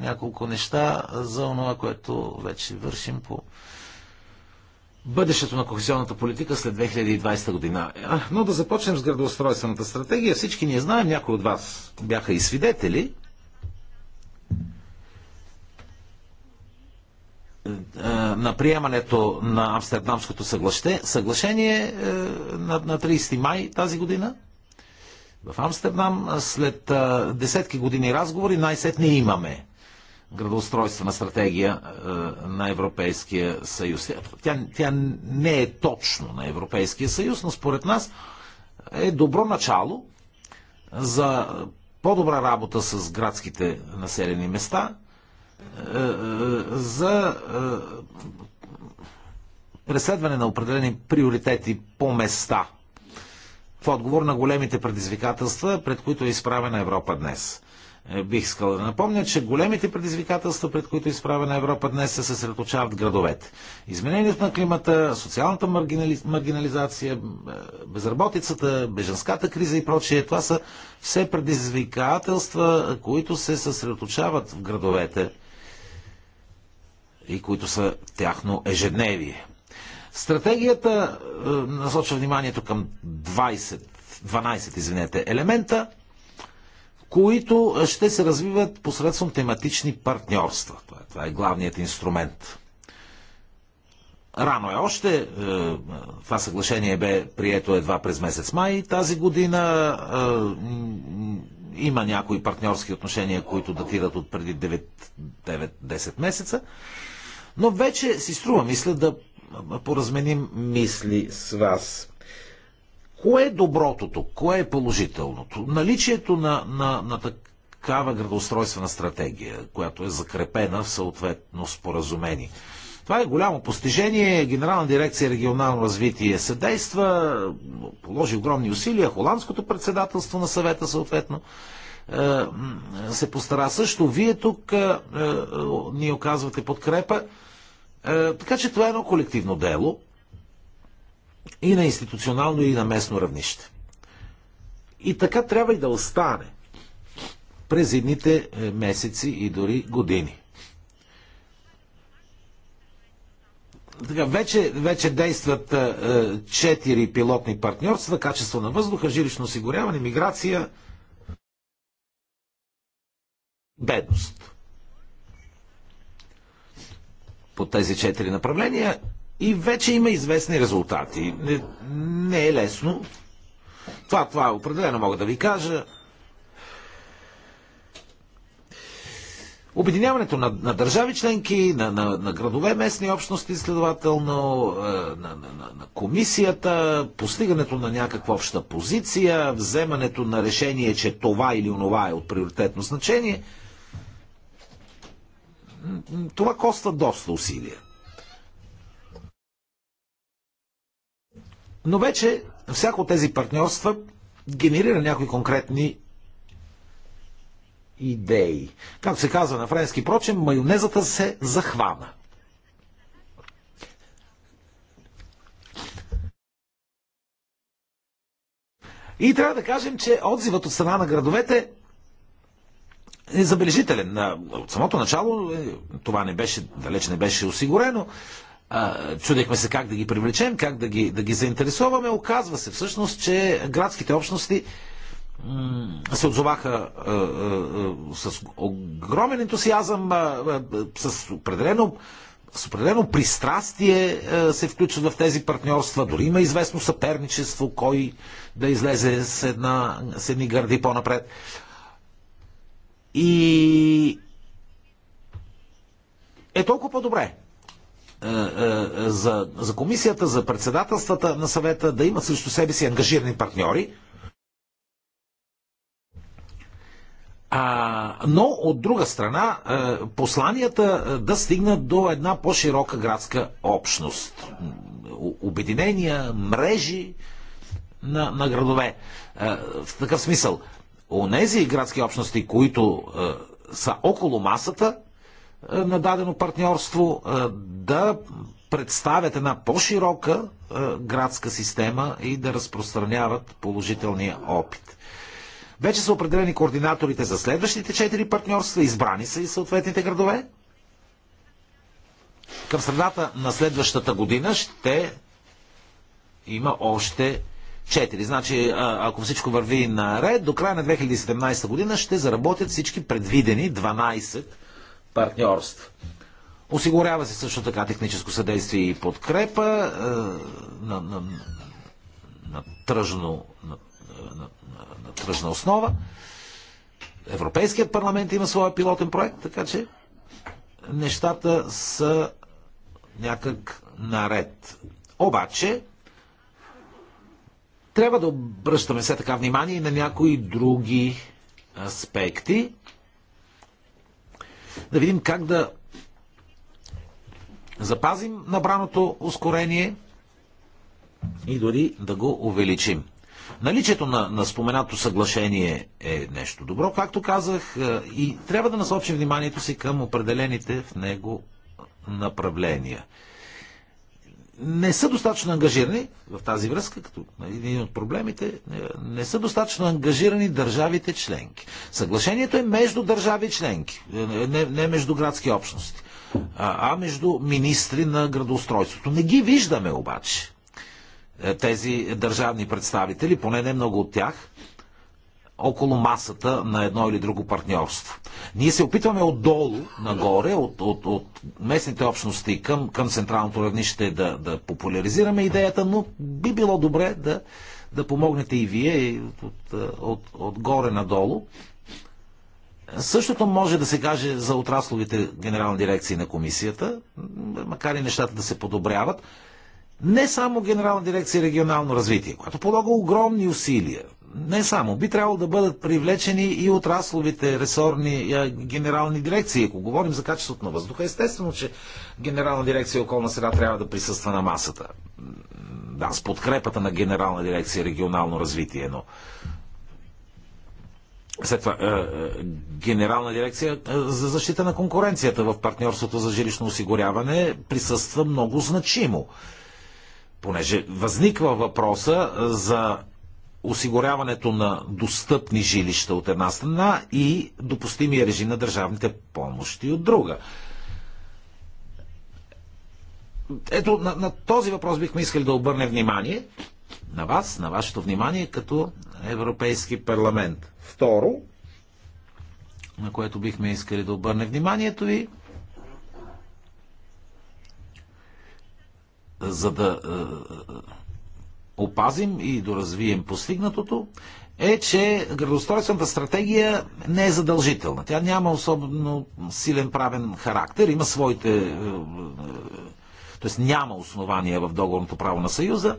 няколко неща за това, което вече вършим по бъдещето на кохесионната политика след 2020 година. Е, но да започнем с градоустройствената стратегия. Всички ние знаем, някои от вас бяха и свидетели – Е, на приемането на Амстердамското съглашение е, на 30 май тази година в Амстердам. След е, десетки години разговори най-сетне имаме градоустройствена стратегия на Европейския съюз. Тя, тя не е точно на Европейския съюз, но според нас е добро начало за по-добра работа с градските населени места – е, е, за е, преследване на определени приоритети по места в отговор на големите предизвикателства, пред които е изправена Европа днес. Бих искал да напомня, че големите предизвикателства, пред които е изправена Европа днес, се съсредоточават градовете. Изменението на климата, социалната маргинали... маргинализация, безработицата, беженската криза и прочие, това са все предизвикателства, които се съсредоточават в градовете и които са тяхно ежедневие. Стратегията е, насочва вниманието към 20, 12 извинете, елемента, които ще се развиват посредством тематични партньорства. Това е, това е главният инструмент. Рано е още. Е, това съглашение бе прието едва през месец май тази година. Е, има някои партньорски отношения, които датират от преди 9-10 месеца. Но вече си струва, мисля, да поразменим мисли с вас. Кое е доброто тук? Кое е положителното? Наличието на, на, на такава градоустройствена стратегия, която е закрепена в съответно споразумение. Това е голямо постижение. Генерална дирекция регионално развитие съдейства, положи огромни усилия. Холандското председателство на съвета съответно е, се постара също. Вие тук е, е, ни оказвате подкрепа. Е, така че това е едно колективно дело и на институционално, и на местно равнище. И така трябва и да остане през едните е, месеци и дори години. Така, вече, вече действат е, четири е, пилотни партньорства, качество на въздуха, жилищно осигуряване, миграция, бедност по тези четири направления и вече има известни резултати. Не, не е лесно. Това, това определено мога да ви кажа. Обединяването на, на държави членки, на, на, на градове, местни общности, следователно, е, на, на, на, на комисията, постигането на някаква обща позиция, вземането на решение, че това или онова е от приоритетно значение – това коста доста усилия. Но вече всяко от тези партньорства генерира някои конкретни идеи. Както се казва на френски, прочем, майонезата се захвана. И трябва да кажем, че отзивът от страна на градовете е забележителен. От самото начало е, това не беше, далеч не беше осигурено. Чудехме се как да ги привлечем, как да ги, да ги заинтересуваме. Оказва се всъщност, че градските общности се отзоваха а, а, с огромен ентусиазъм, а, с определено с определено пристрастие се включват в тези партньорства, дори има известно съперничество, кой да излезе с, една, с едни гърди по-напред. И е толкова по-добре е, е, за, за комисията, за председателствата на съвета да имат срещу себе си ангажирани партньори. А, но от друга страна, е, посланията да стигнат до една по-широка градска общност. Обединения, мрежи на, на градове. В такъв смисъл, онези градски общности, които е, са около масата е, на дадено партньорство, е, да представят една по-широка е, градска система и да разпространяват положителния опит. Вече са определени координаторите за следващите четири партньорства, избрани са и съответните градове. Към средата на следващата година ще има още 4. Значи, ако всичко върви наред, до края на 2017 година ще заработят всички предвидени 12 партньорства. Осигурява се също така техническо съдействие и подкрепа е, на, на, на, тръжно, на, на, на тръжна основа. Европейският парламент има своя пилотен проект, така че нещата са някак наред. Обаче, трябва да обръщаме все така внимание и на някои други аспекти. Да видим как да запазим набраното ускорение и дори да го увеличим. Наличието на, на споменато съглашение е нещо добро, както казах, е, и трябва да насочим вниманието си към определените в него направления не са достатъчно ангажирани в тази връзка, като един от проблемите, е, не са достатъчно ангажирани държавите членки. Съглашението е между държави членки, е, не, не между градски общности, а, а между министри на градоустройството. Не ги виждаме обаче е, тези държавни представители, поне не много от тях, около масата на едно или друго партньорство. Ние се опитваме отдолу, нагоре, от, от, от местните общности към, към централното равнище да, да популяризираме идеята, но би било добре да, да помогнете и вие и от, от, от, отгоре надолу. Същото може да се каже за отрасловите генерални дирекции на комисията, макар и нещата да се подобряват. Не само Генерална дирекция регионално развитие, която полага огромни усилия не само, би трябвало да бъдат привлечени и отрасловите ресорни е, генерални дирекции. Ако говорим за качеството на въздуха, естествено, че генерална дирекция околна среда трябва да присъства на масата. Да, с подкрепата на генерална дирекция регионално развитие, но след това, е, е, Генерална дирекция е, за защита на конкуренцията в партньорството за жилищно осигуряване присъства много значимо. Понеже възниква въпроса за осигуряването на достъпни жилища от една страна и допустимия режим на държавните помощи от друга. Ето, на, на този въпрос бихме искали да обърне внимание на вас, на вашето внимание като Европейски парламент. Второ, на което бихме искали да обърне вниманието ви, за да е, опазим и доразвием постигнатото, е, че градостройствената стратегия не е задължителна. Тя няма особено силен правен характер, има своите. т.е. Е, няма основания в договорното право на Съюза.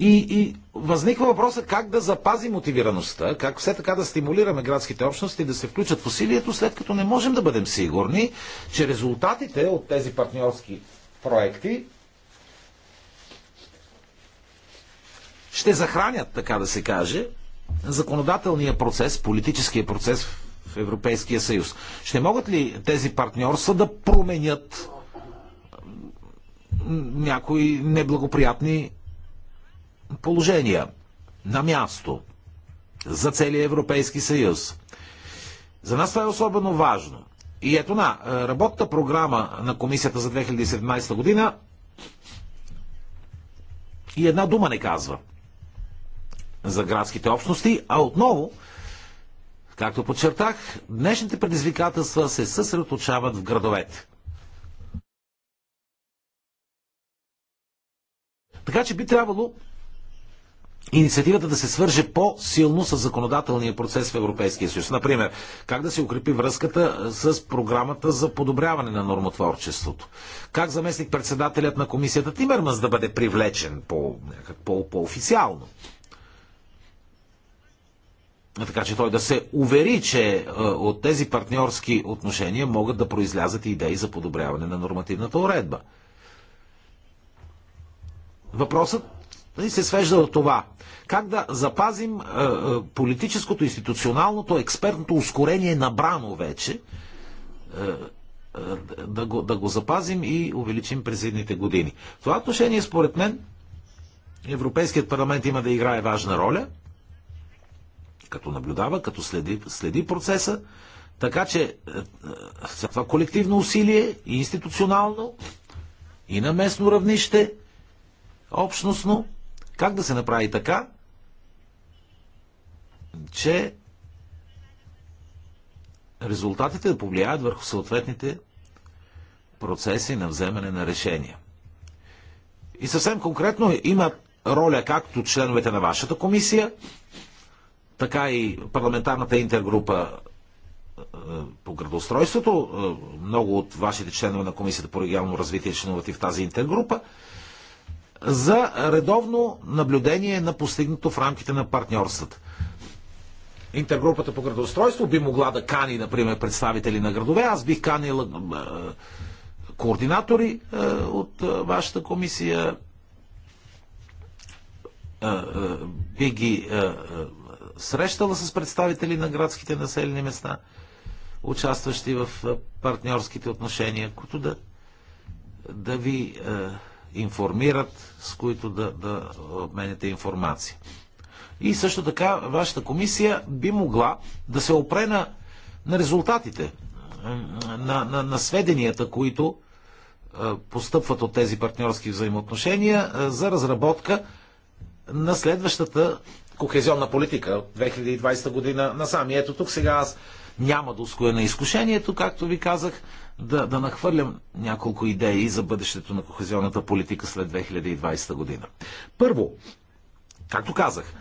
И, и възниква въпроса как да запази мотивираността, как все така да стимулираме градските общности да се включат в усилието, след като не можем да бъдем сигурни, че резултатите от тези партньорски проекти ще захранят, така да се каже, законодателния процес, политическия процес в Европейския съюз. Ще могат ли тези партньорства да променят някои неблагоприятни положения на място за целия Европейски съюз? За нас това е особено важно. И ето на, работната програма на комисията за 2017 година и една дума не казва за градските общности, а отново, както подчертах, днешните предизвикателства се съсредоточават в градовете. Така че би трябвало инициативата да се свърже по-силно с законодателния процес в Европейския съюз. Например, как да се укрепи връзката с програмата за подобряване на нормотворчеството. Как заместник председателят на комисията Тимерманс да бъде привлечен по, по, по-официално така че той да се увери, че е, от тези партньорски отношения могат да произлязат идеи за подобряване на нормативната уредба. Въпросът нали, се свежда до това. Как да запазим е, е, политическото, институционалното, експертното ускорение набрано вече, да го, да го запазим и увеличим през едните години. В това отношение, според мен, Европейският парламент има да играе важна роля – като наблюдава, като следи, следи процеса. Така че е, е, това колективно усилие и институционално, и на местно равнище, общностно, как да се направи така, че резултатите да повлияят върху съответните процеси на вземане на решения. И съвсем конкретно има роля както членовете на вашата комисия, така и парламентарната интергрупа е, по градостройството. Е, много от вашите членове на Комисията по регионално развитие членуват и в тази интергрупа за редовно наблюдение на постигнато в рамките на партньорствата. Интергрупата по градоустройство би могла да кани, например, представители на градове. Аз бих канил е, координатори от вашата комисия. Би ги срещала с представители на градските населени места, участващи в партньорските отношения, които да, да ви е, информират, с които да, да обменяте информация. И също така, вашата комисия би могла да се опре на, на резултатите, на, на, на сведенията, които постъпват от тези партньорски взаимоотношения за разработка на следващата кохезионна политика от 2020 година насам. И ето тук сега аз няма да ускоя на изкушението, както ви казах, да, да нахвърлям няколко идеи за бъдещето на кохезионната политика след 2020 година. Първо, както казах,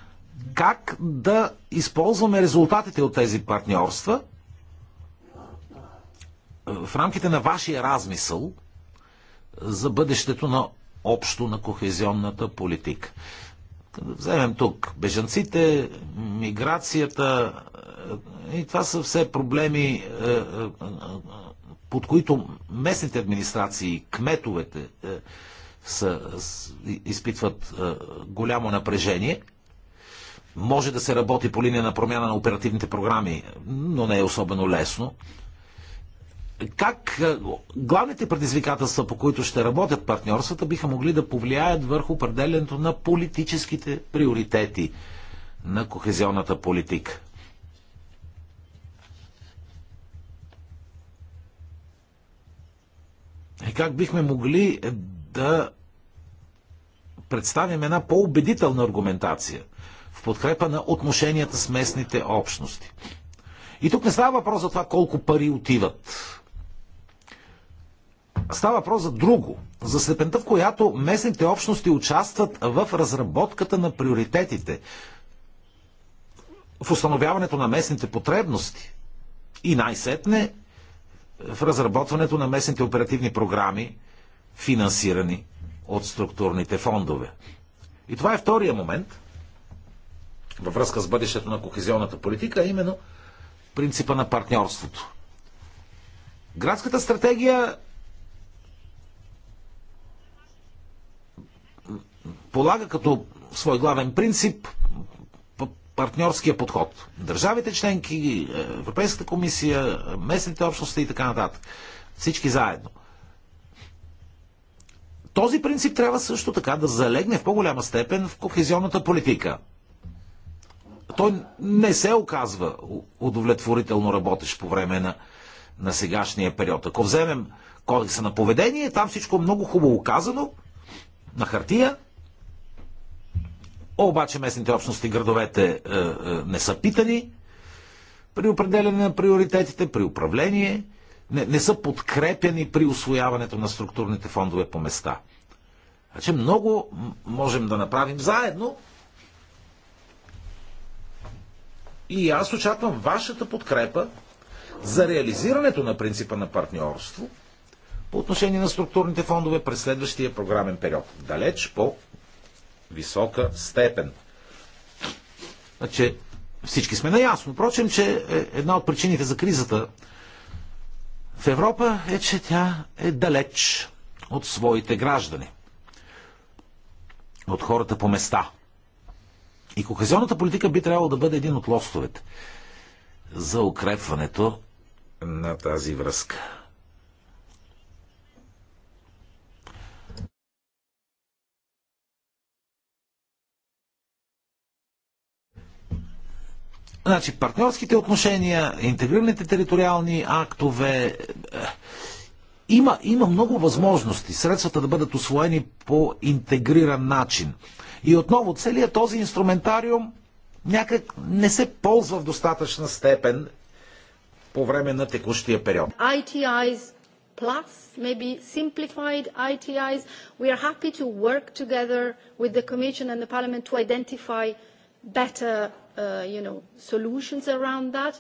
как да използваме резултатите от тези партньорства е, в рамките на вашия размисъл за бъдещето на общо на кохезионната политика. Вземем тук бежанците, миграцията. Е, и това са все проблеми, е, е, под които местните администрации, кметовете са, изпитват голямо напрежение. Може да се работи по линия на промяна на оперативните програми, но не е особено лесно как е, главните предизвикателства, по които ще работят партньорствата, биха могли да повлияят върху определенето на политическите приоритети на кохезионната политика. И как бихме могли е, да представим една по-убедителна аргументация в подкрепа на отношенията с местните общности. И тук не става въпрос за това колко пари отиват Става въпрос за друго. За степента, в която местните общности участват в разработката на приоритетите, в установяването на местните потребности и най-сетне в разработването на местните оперативни програми, финансирани от структурните фондове. И това е втория момент във връзка с бъдещето на кохезионната политика, а именно принципа на партньорството. Градската стратегия полага като свой главен принцип партньорския подход. Държавите членки, е, Европейската комисия, местните общности и така нататък. Всички заедно. Този принцип трябва също така да залегне в по-голяма степен в кохезионната политика. Той не се оказва удовлетворително работещ по време на, на сегашния период. Ако вземем кодекса на поведение, там всичко е много хубаво казано, на хартия, обаче местните общности, градовете е, е, не са питани при определене на приоритетите, при управление, не, не са подкрепени при освояването на структурните фондове по места. Значи много можем да направим заедно. И аз очаквам вашата подкрепа за реализирането на принципа на партньорство по отношение на структурните фондове през следващия програмен период. Далеч по висока степен. Значи, всички сме наясно. Впрочем, че е една от причините за кризата в Европа е, че тя е далеч от своите граждани, от хората по места. И кохезионната политика би трябвало да бъде един от лостовете за укрепването на тази връзка. Значи партньорските отношения, интегрираните териториални актове. Е, има, има много възможности средствата да бъдат освоени по интегриран начин. И отново целият този инструментариум някак не се ползва в достатъчна степен по време на текущия период. ITIs plus, maybe simplified ITIs. We are happy to work together with the Commission and the Parliament to identify better Uh, you know, solutions around that.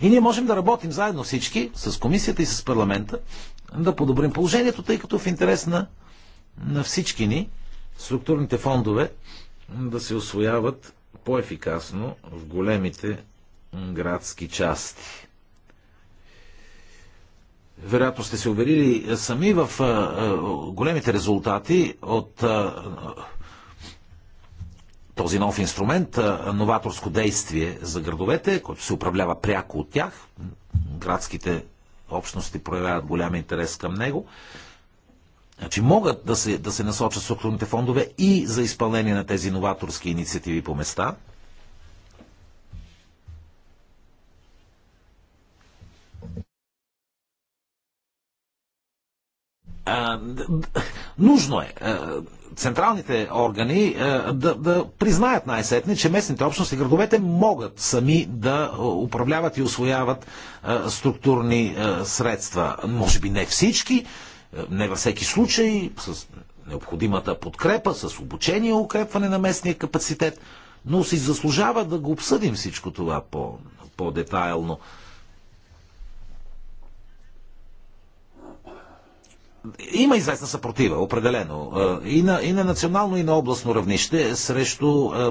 И ние можем да работим заедно всички, с комисията и с парламента, да подобрим положението, тъй като в интерес на, на всички ни структурните фондове да се освояват по-ефикасно в големите градски части. Вероятно сте се уверили сами в а, а, големите резултати от а, този нов инструмент, новаторско действие за градовете, който се управлява пряко от тях. Градските общности проявяват голям интерес към него. Значи могат да се, да се насочат структурните фондове и за изпълнение на тези новаторски инициативи по места. нужно е централните органи да, да признаят най-сетне, че местните общности, градовете могат сами да управляват и освояват структурни средства. Може би не всички, не във всеки случай, с необходимата подкрепа, с обучение, укрепване на местния капацитет, но си заслужава да го обсъдим всичко това по, по-детайлно. По има известна съпротива, определено, е, и на, и на национално, и на областно равнище срещу е, е,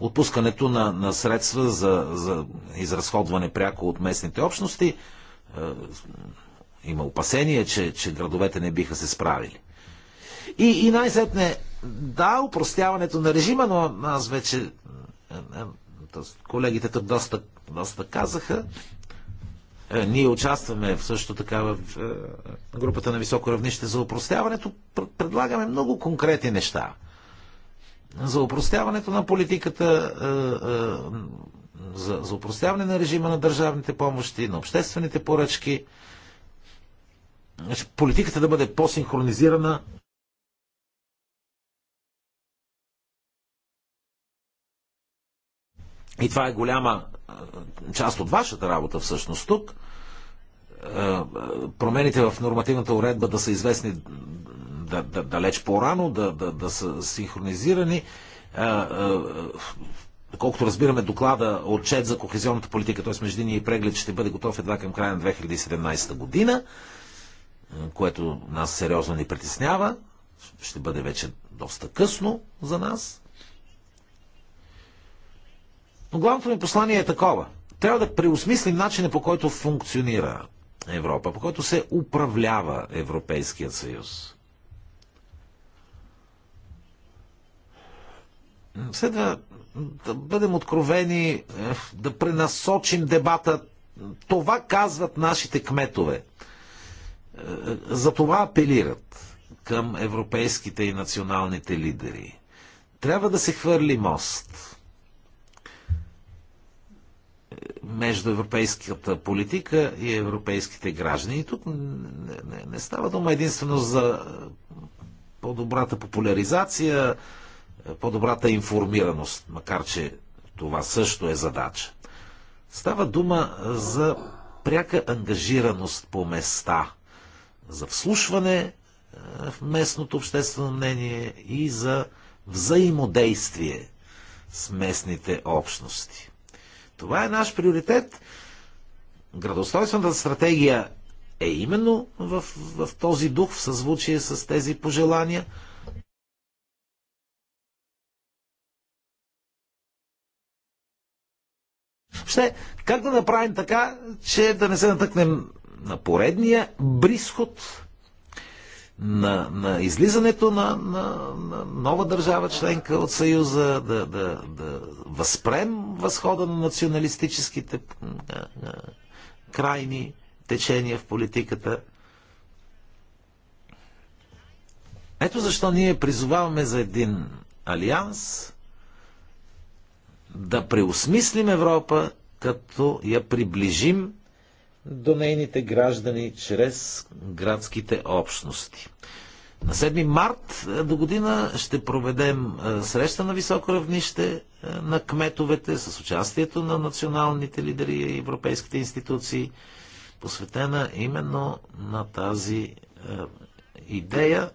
отпускането на, на средства за, за изразходване пряко от местните общности. Има опасение, че, че градовете не биха се справили. И, и най-сетне, да, упростяването на режима, но аз вече. Колегите тук доста, доста казаха. Е, ние участваме също така в е, групата на високо равнище за упростяването. Предлагаме много конкретни неща. За упростяването на политиката, е, за, за упростяване на режима на държавните помощи, на обществените поръчки. Значи, политиката да бъде по-синхронизирана И това е голяма част от вашата работа всъщност тук промените в нормативната уредба да са известни да, да, далеч по-рано, да, да, да са синхронизирани. Колкото разбираме доклада отчет за кохезионната политика, т.е. междинния и преглед ще бъде готов едва към края на 2017 година, което нас сериозно ни притеснява. Ще бъде вече доста късно за нас. Но главното ми послание е такова. Трябва да преосмислим начина по който функционира Европа, по който се управлява Европейският съюз. Следва да бъдем откровени, е, да пренасочим дебата. Това казват нашите кметове. Е, за това апелират към европейските и националните лидери. Трябва да се хвърли мост между европейската политика и европейските граждани. И тук не, не, не става дума единствено за по-добрата популяризация, по-добрата информираност, макар че това също е задача. Става дума за пряка ангажираност по места, за вслушване е, в местното обществено мнение и за взаимодействие с местните общности. Това е наш приоритет. Градостойствената стратегия е именно в, в този дух, в съзвучие с тези пожелания. Въобще, как да направим така, че да не се натъкнем на поредния бризход на, на излизането на, на, на нова държава членка от Съюза, да, да, да възпрем възхода на националистическите а, а, крайни течения в политиката. Ето защо ние призоваваме за един алианс да преосмислим Европа, като я приближим до нейните граждани чрез градските общности. На 7 март е, до година ще проведем е, среща на високо равнище е, на кметовете с участието на националните лидери и европейските институции, посветена именно на тази идея.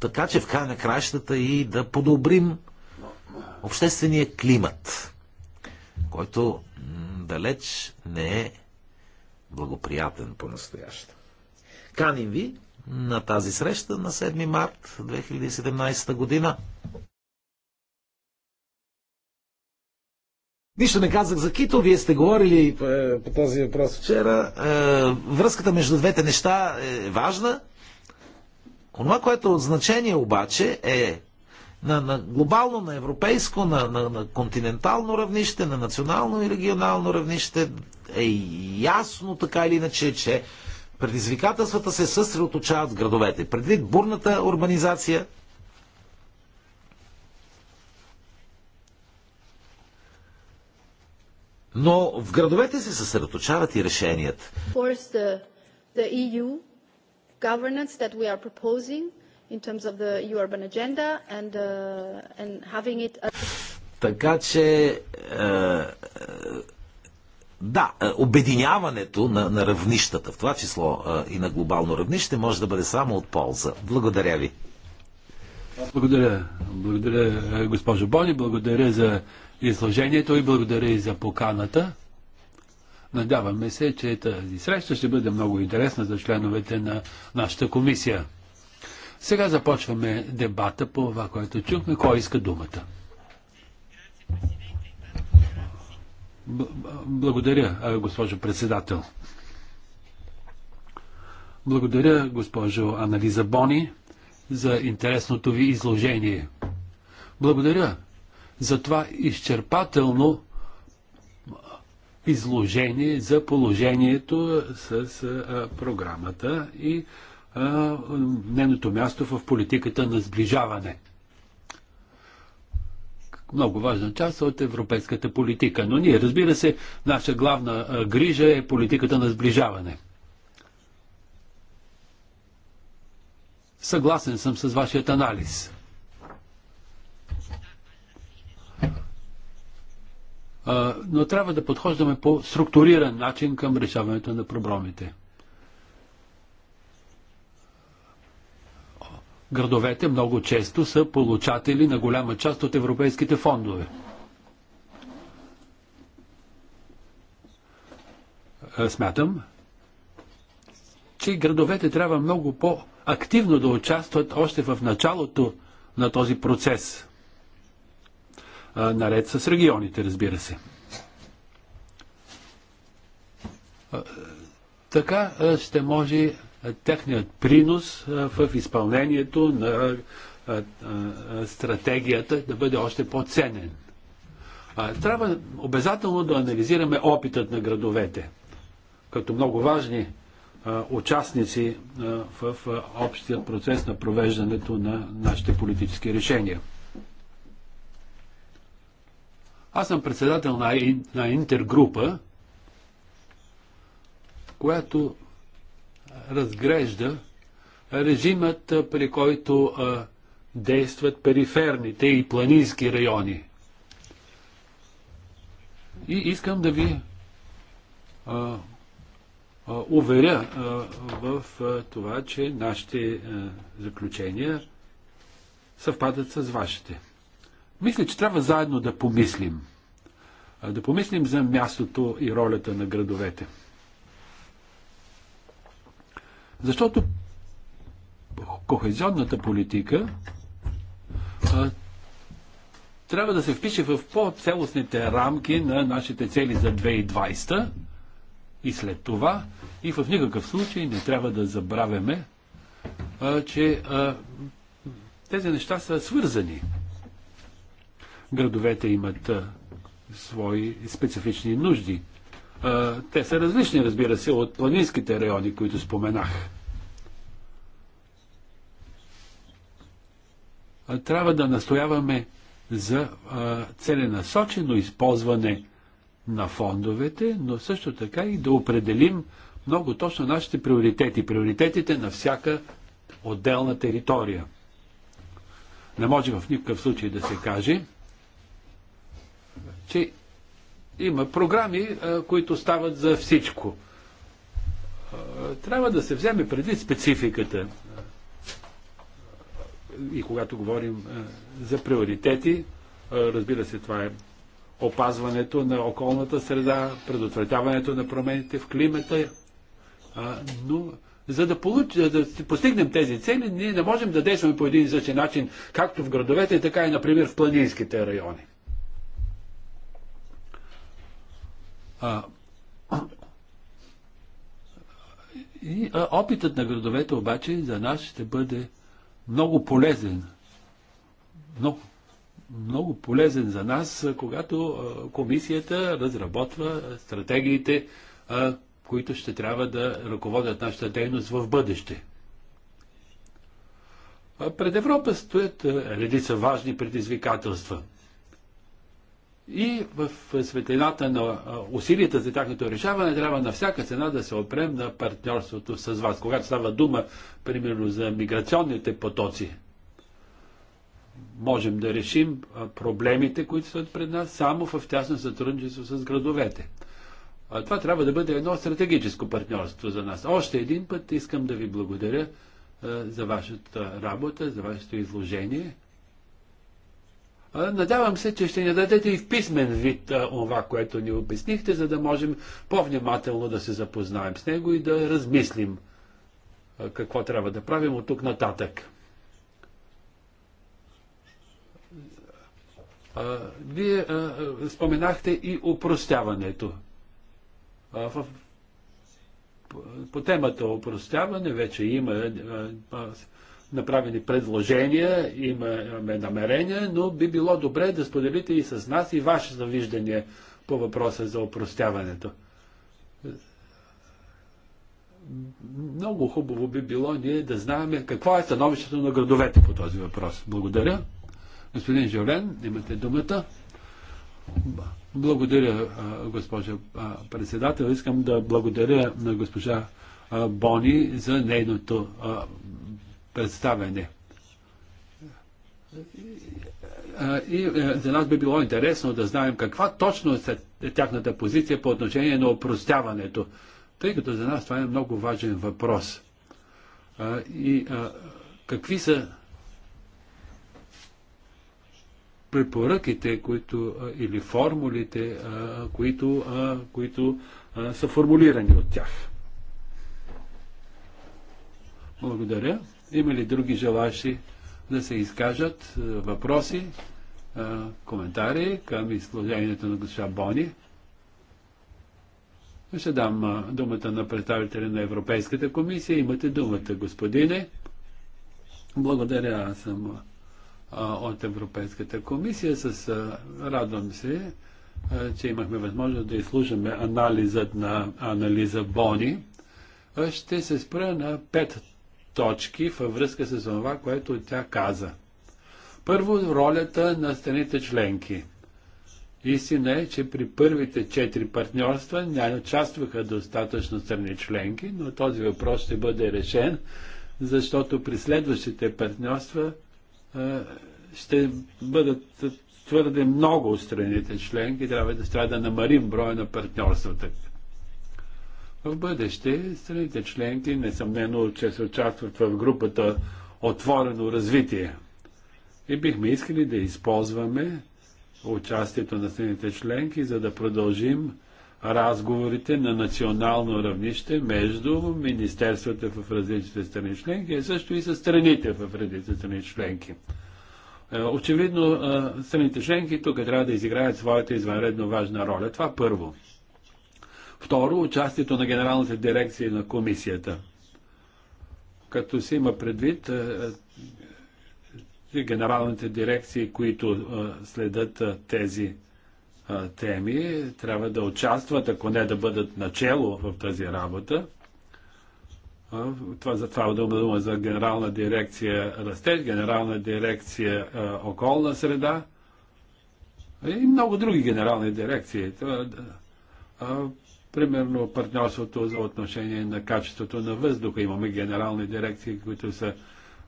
Така че в край на краищата и да подобрим обществения климат, който далеч не е благоприятен по-настояще. Каним ви на тази среща на 7 март 2017 година. Нищо не казах за Кито, вие сте говорили е, по, този въпрос вчера. Е, връзката между двете неща е важна. Онова, което е от значение обаче е на, на глобално, на европейско, на, на, на континентално равнище, на национално и регионално равнище е ясно така или иначе, че предизвикателствата се съсредоточават в градовете. Предвид бурната урбанизация, Но в градовете се съсредоточават и решенията in terms of the EU urban agenda and, uh, and having it... Така че, е, да, е, обединяването на, на равнищата, в това число е, и на глобално равнище, може да бъде само от полза. Благодаря ви. Благодаря. Благодаря, госпожо Бони. Благодаря за изложението и благодаря и за поканата. Надяваме се, че тази среща ще бъде много интересна за членовете на нашата комисия. Сега започваме дебата по това, което чухме. Кой иска думата? Благодаря, госпожо председател. Благодаря, госпожо Анализа Бони, за интересното ви изложение. Благодаря за това изчерпателно изложение за положението с програмата и нейното място в политиката на сближаване. Много важна част от европейската политика. Но ние, разбира се, наша главна грижа е политиката на сближаване. Съгласен съм с вашият анализ. но трябва да подхождаме по структуриран начин към решаването на проблемите. градовете много често са получатели на голяма част от европейските фондове. Е, смятам, че градовете трябва много по-активно да участват още в началото на този процес. Е, наред с регионите, разбира се. Е, така ще може техният принос в изпълнението на стратегията да бъде още по-ценен. Трябва обязателно да анализираме опитът на градовете като много важни участници в общия процес на провеждането на нашите политически решения. Аз съм председател на, на интергрупа, която разгрежда режимът, при който а, действат периферните и планински райони. И искам да ви а, а, уверя а, в а, това, че нашите а, заключения съвпадат с вашите. Мисля, че трябва заедно да помислим. А, да помислим за мястото и ролята на градовете. Защото кохезионната политика а, трябва да се впише в по-целостните рамки на нашите цели за 2020 и след това. И в никакъв случай не трябва да забравяме, а, че а, тези неща са свързани. Градовете имат а, свои специфични нужди. А, те са различни, разбира се, от планинските райони, които споменах. трябва да настояваме за целенасочено използване на фондовете, но също така и да определим много точно нашите приоритети, приоритетите на всяка отделна територия. Не може в никакъв случай да се каже, че има програми, които стават за всичко. Трябва да се вземе преди спецификата и когато говорим е, за приоритети, е, разбира се, това е опазването на околната среда, предотвратяването на промените в климата, е, но за да, за да постигнем тези цели, ние не можем да действаме по един и същи начин, както в градовете, така и, например, в планинските райони. А... И а, опитът на градовете обаче за нас ще бъде много полезен. Много, много полезен за нас, когато комисията разработва стратегиите, които ще трябва да ръководят нашата дейност в бъдеще. Пред Европа стоят редица важни предизвикателства – и в светлината на усилията за тяхното решаване трябва на всяка цена да се опрем на партньорството с вас, когато става дума, примерно, за миграционните потоци. Можем да решим проблемите, които са пред нас, само в тясно сътрудничество с градовете. А това трябва да бъде едно стратегическо партньорство за нас. Още един път искам да ви благодаря за вашата работа, за вашето изложение. Надявам се, че ще ни дадете и в писмен вид това, което ни обяснихте, за да можем по-внимателно да се запознаем с него и да размислим какво трябва да правим от тук нататък. вие споменахте и упростяването. по, по темата упростяване вече има направени предложения, имаме намерения, но би било добре да споделите и с нас и ваше завиждане по въпроса за опростяването. Много хубаво би било ние да знаем какво е становището на градовете по този въпрос. Благодаря. Господин Жолен, имате думата. Благодаря, госпожа председател. Искам да благодаря на госпожа Бони за нейното представяне. И е, за нас би било интересно да знаем каква точно е, е тяхната позиция по отношение на опростяването, тъй като за нас това е много важен въпрос. И какви са препоръките които, или формулите, които, които са формулирани от тях. Благодаря. Има ли други желащи да се изкажат е, въпроси, е, коментари към изложението на госпожа Бони? Ще дам е, думата на представителя на Европейската комисия. Имате думата, господине. Благодаря, аз съм от Европейската комисия. С, радвам се, че имахме възможност да изслушаме анализът на анализа Бони. Ще се спра на пет точки във връзка с това, което тя каза. Първо, ролята на страните членки. Истина е, че при първите четири партньорства не участваха достатъчно страни членки, но този въпрос ще бъде решен, защото при следващите партньорства а, е, ще бъдат твърде много страните членки, трябва да, трябва да намарим броя на партньорствата. В бъдеще страните членки несъмнено че се участват в групата Отворено развитие. И бихме искали да използваме участието на страните членки, за да продължим разговорите на национално равнище между министерствата в различните страни членки, а също и с страните в различните страни членки. Е, очевидно, е, страните членки тук трябва да изиграят своята извънредно важна роля. Това първо. Второ, участието на генералната дирекция на комисията. Като се има предвид е, е, генералните дирекции, които е, следят тези теми, трябва да участват, ако не да бъдат начало в тази работа. Това за това дума дума за генерална дирекция растеж, генерална дирекция околна среда и много други генерални дирекции. Примерно партньорството за отношение на качеството на въздуха. Имаме генерални дирекции, които са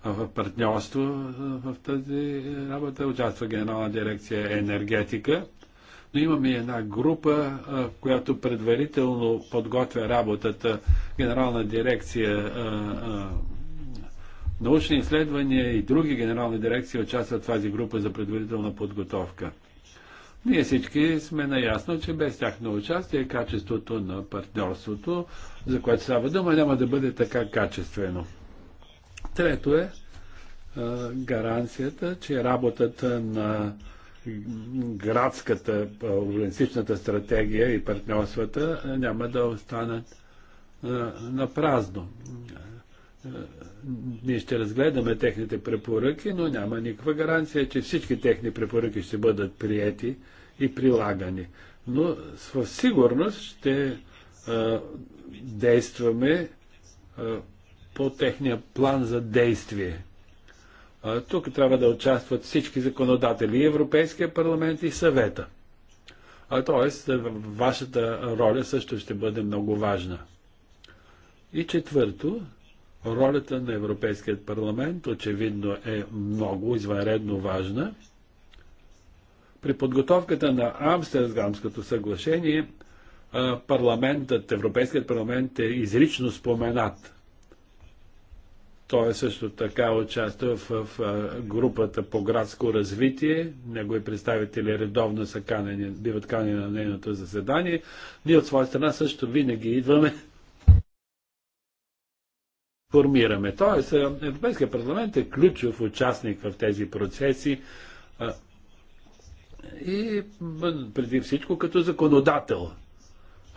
в партньорство в тази работа. Участва генерална дирекция енергетика. Но имаме една група, която предварително подготвя работата. Генерална дирекция научни изследвания и други генерални дирекции участват в тази група за предварителна подготовка. Ние всички сме наясно, че без тяхно участие качеството на партньорството, за което става дума, няма да бъде така качествено. Трето е гаранцията, че работата на градската урбанистичната стратегия и партньорствата няма да останат на празно ние ще разгледаме техните препоръки, но няма никаква гаранция, че всички техни препоръки ще бъдат приети и прилагани. Но със сигурност ще а, действаме а, по техния план за действие. А, тук трябва да участват всички законодатели, и Европейския парламент и съвета. А, тоест, вашата роля също ще бъде много важна. И четвърто, Ролята на Европейският парламент очевидно е много извънредно важна. При подготовката на Амстердамското съглашение парламентът, Европейският парламент е изрично споменат. Той е също така участва в, в групата по градско развитие. Негови представители редовно са канени, биват канени на нейното заседание. Ние от своя страна също винаги идваме формираме. Тоест, е, Европейския парламент е ключов участник в тези процеси и преди всичко като законодател.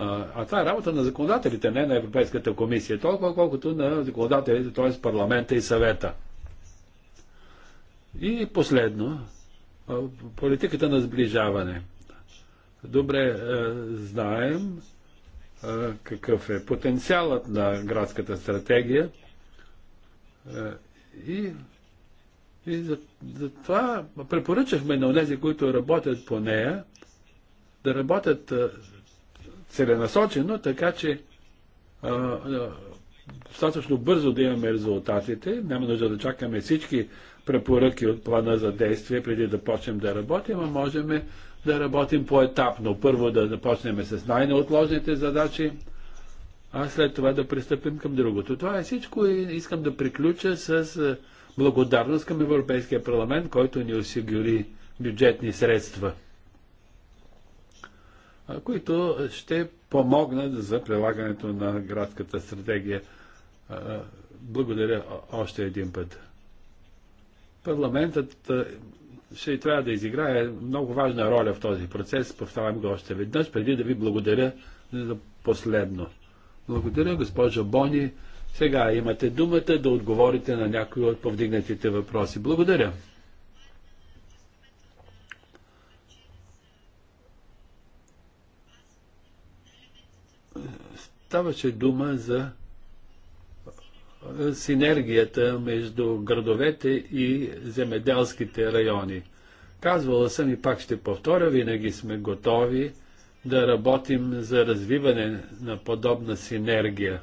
А това е работа на законодателите, не на Европейската комисия, толкова колкото на законодателите, т.е. парламента и съвета. И последно, политиката на сближаване. Добре знаем, какъв е потенциалът на градската стратегия и, и за, за това препоръчахме на тези, които работят по нея, да работят целенасочено, така че а, а, достатъчно бързо да имаме резултатите. Няма нужда да чакаме всички препоръки от плана за действие преди да почнем да работим, а можем да работим поетапно. Първо да започнем с най-неотложните задачи, а след това да пристъпим към другото. Това е всичко и искам да приключа с е, благодарност към Европейския парламент, който ни осигури бюджетни средства, които ще помогнат за прилагането на градската стратегия. Благодаря още един път. Парламентът е, ще трябва да изиграе много важна роля в този процес. Повтарям го още веднъж, преди да ви благодаря за последно. Благодаря, госпожа Бони. Сега имате думата да отговорите на някои от повдигнатите въпроси. Благодаря. Ставаше дума за синергията между градовете и земеделските райони. Казвала съм и пак ще повторя, винаги сме готови да работим за развиване на подобна синергия.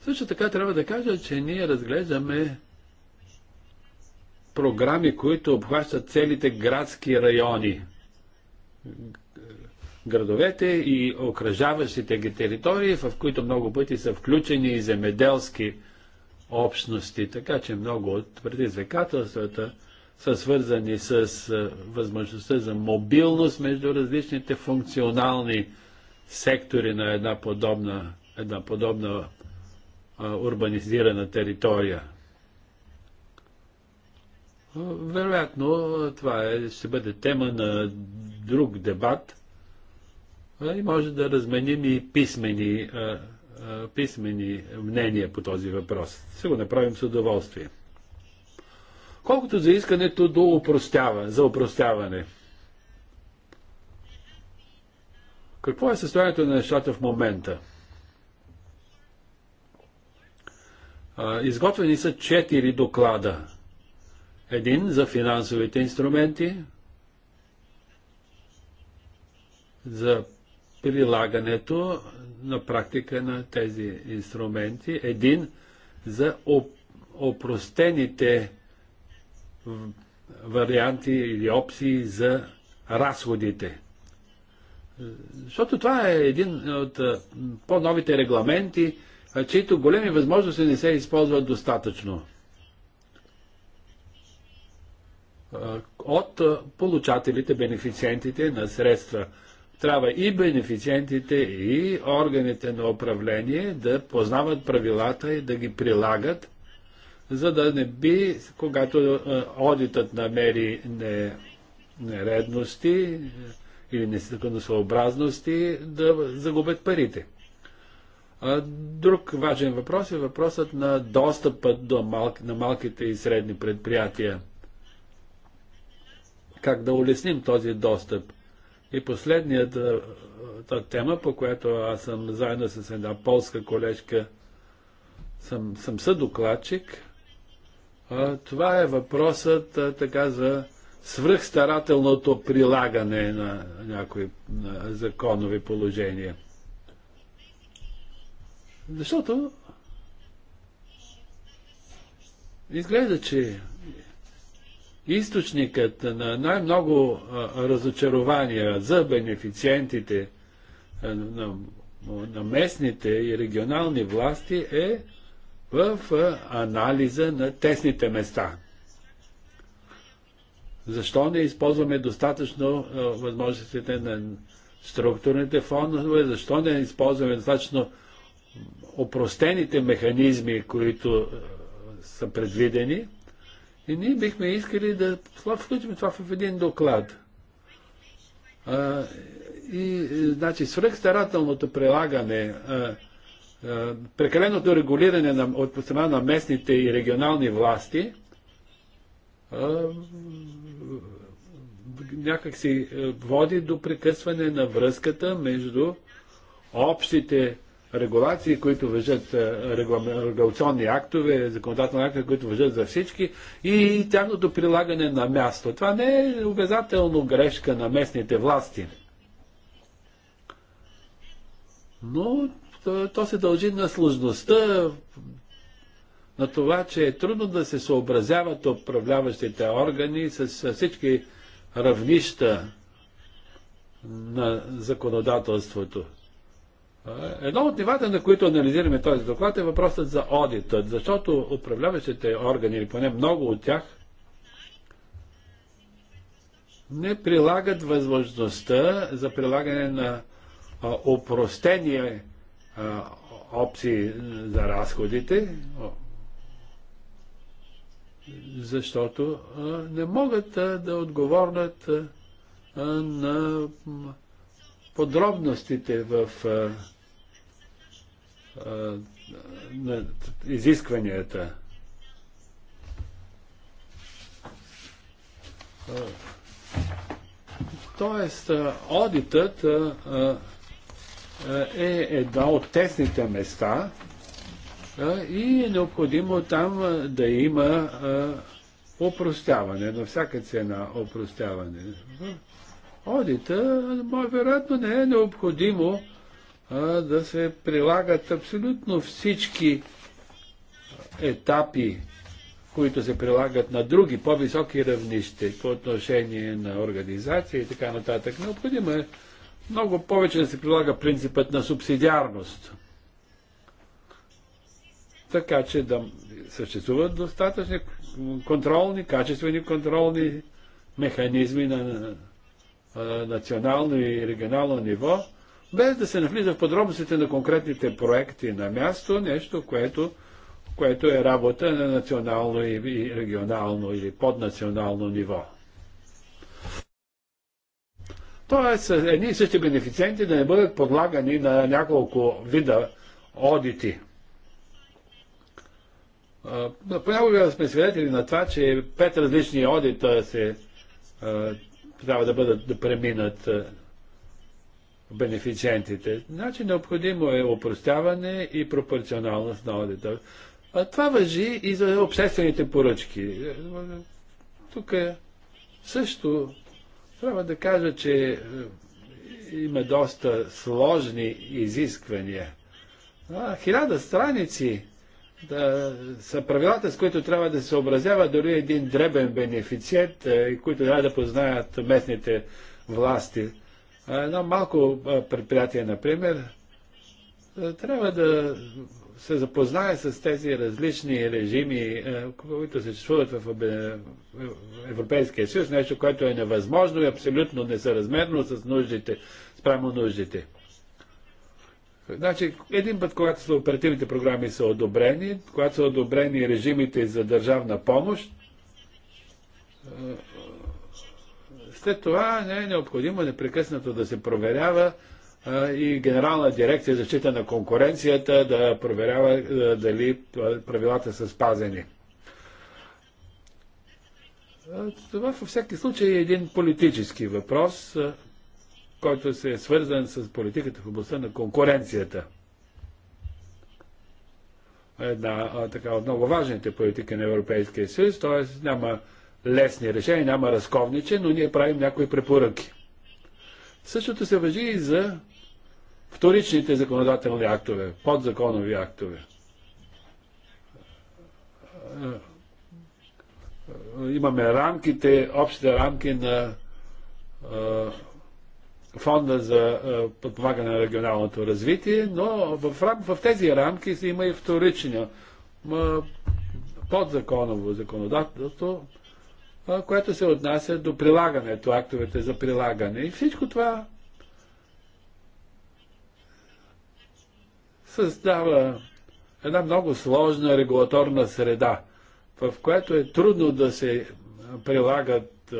Също така трябва да кажа, че ние разглеждаме програми, които обхващат целите градски райони градовете и окръжаващите ги територии, в които много пъти са включени и земеделски общности. Така че много от предизвикателствата са свързани с е, възможността за мобилност между различните функционални сектори на една подобна, една подобна а, е, урбанизирана територия. Вероятно, това е, ще бъде тема на друг дебат, и може да разменим и писмени, писмени мнения по този въпрос. Ще го направим с удоволствие. Колкото за искането до упростява, за упростяване. Какво е състоянието на нещата в момента? Изготвени са четири доклада. Един за финансовите инструменти, за прилагането на практика на тези инструменти. Един за опростените варианти или опции за разходите. Защото това е един от по-новите регламенти, чието големи възможности не се използват достатъчно от получателите, бенефициентите на средства трябва и бенефициентите, и органите на управление да познават правилата и да ги прилагат, за да не би, когато одитът намери нередности е, или незаконосъобразности, да загубят парите. Друг важен въпрос е въпросът на достъпът до мал... на малките и средни предприятия. Как да улесним този достъп? И последната тема, по която аз съм заедно с една полска колежка, съм, съм съдокладчик, това е въпросът така за свръхстарателното прилагане на някои на законови положения. Защото изглежда, че източникът на най-много разочарования за бенефициентите на, на местните и регионални власти е в анализа на тесните места. Защо не използваме достатъчно възможностите на структурните фондове, защо не използваме достатъчно опростените механизми, които са предвидени и ние бихме искали да включим това в един доклад. А, и, е, значи, свръхстарателното прилагане, а, а, прекаленото регулиране на, от страна на местните и регионални власти, а, някак си е, води до прекъсване на връзката между общите регулации, които въжат, е, регуляционни актове, законодателни актове, които въжат за всички и тяхното прилагане на място. Това не е обязателно грешка на местните власти. Но то, то се дължи на сложността, на това, че е трудно да се съобразяват управляващите органи с, с всички равнища на законодателството. Едно от нивата, на които анализираме този доклад е въпросът за одитът, защото управляващите органи, или поне много от тях, не прилагат възможността за прилагане на опростени опции за разходите, защото не могат да отговорнат на подробностите в а, на изискванията. Тоест, одитът е една от тесните места и е необходимо там да има опростяване, на всяка цена опростяване. Одита, вероятно, не е необходимо да се прилагат абсолютно всички етапи, които се прилагат на други по-високи равнища по отношение на организация и така нататък. Необходимо е много повече да се прилага принципът на субсидиарност. Така че да съществуват достатъчни контролни, качествени контролни механизми на национално и регионално ниво, без да се навлиза в подробностите на конкретните проекти на място, нещо, което, което е работа на национално и регионално или поднационално ниво. Тоест, едни и същи бенефициенти да не бъдат подлагани на няколко вида одити. Понякога сме свидетели на това, че пет различни одита се трябва да бъдат да преминат бенефициентите. Значи необходимо е опростяване и пропорционалност на одита. А това въжи и за обществените поръчки. Тук също трябва да кажа, че е, има доста сложни изисквания. А, хиляда страници да, са правилата, с които трябва да се образява дори един дребен бенефициент, е, които трябва да познаят местните власти. Едно малко предприятие, например, трябва да се запознае с тези различни режими, които съществуват в Европейския съюз, нещо, което е невъзможно и абсолютно несъразмерно с нуждите, спрямо нуждите. Значи, един път, когато са оперативните програми са одобрени, когато са одобрени режимите за държавна помощ, след това не е необходимо непрекъснато да се проверява а, и Генерална дирекция защита на конкуренцията да проверява а, дали правилата са спазени. А, това във всеки случай е един политически въпрос, който се е свързан с политиката в областта на конкуренцията. Една така, от много важните политики на Европейския съюз, т.е. няма лесни решения, няма разковниче, но ние правим някои препоръки. Същото се въжи и за вторичните законодателни актове, подзаконови актове. Имаме рамките, общите рамки на фонда за подпомагане на регионалното развитие, но в, рам, в тези рамки има и вторичния подзаконово законодателство, която се отнася до прилагането, актовете за прилагане. И всичко това създава една много сложна регулаторна среда, в която е трудно да се прилагат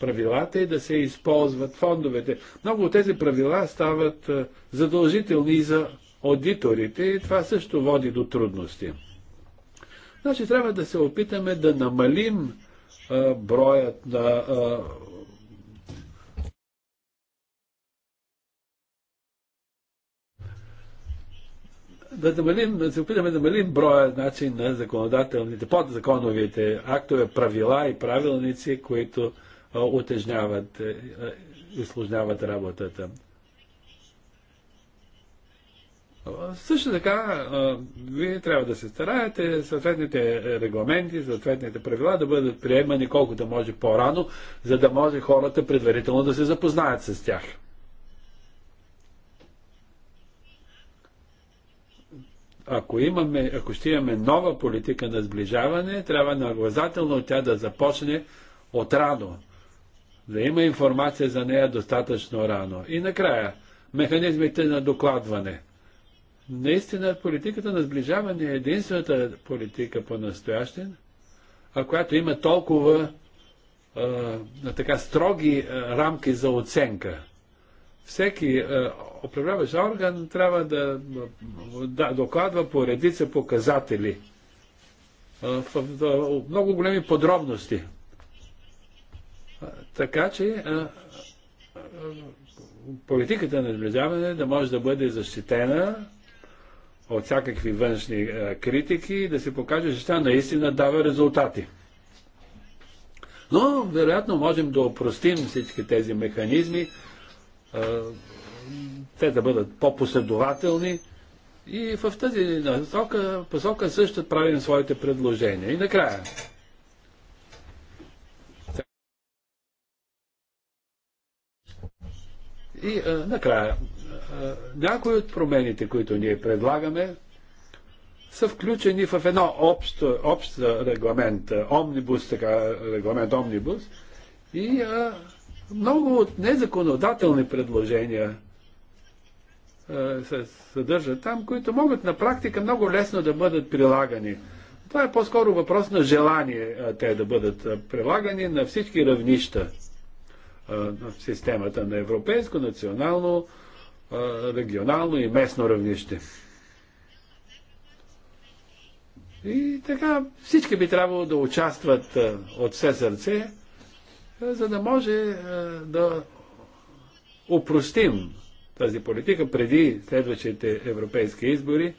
правилата и да се използват фондовете. Много от тези правила стават задължителни и за аудиторите и това също води до трудности. Значи трябва да се опитаме да намалим броят на да намалим, да се опитаме да намалим броя значи, на законодателните, подзаконовите актове, правила и правилници, които отежняват и усложняват работата. Също така, вие трябва да се стараете съответните е, регламенти, съответните правила да бъдат приемани колкото може по-рано, за да може хората предварително да се запознаят с тях. Ако, имаме, ако ще имаме нова политика на сближаване, трябва наглазателно тя да започне от рано. Да има информация за нея достатъчно рано. И накрая, механизмите на докладване – Наистина политиката на сближаване е единствената политика по-настоящен, а която има толкова а, така строги а, рамки за оценка. Всеки а, управляващ орган трябва да, да докладва по редица показатели в, в, в много големи подробности. Така че а, а, политиката на сближаване да може да бъде защитена от всякакви външни е, критики и да се покаже, че тя наистина дава резултати. Но, вероятно, можем да опростим всички тези механизми, е, те да бъдат по-последователни и в тази насока, посока също правим своите предложения. И накрая. И е, накрая, е, някои от промените, които ние предлагаме, са включени в едно общо, общ регламент, е, омнибус, така, регламент омнибус, и а, е, много от незаконодателни предложения а, се съдържат там, които могат на практика много лесно да бъдат прилагани. Това е по-скоро въпрос на желание а, те да бъдат прилагани на всички равнища а, в системата на европейско, национално, регионално и местно равнище. И така всички би трябвало да участват от все сърце, за да може да упростим тази политика преди следващите европейски избори,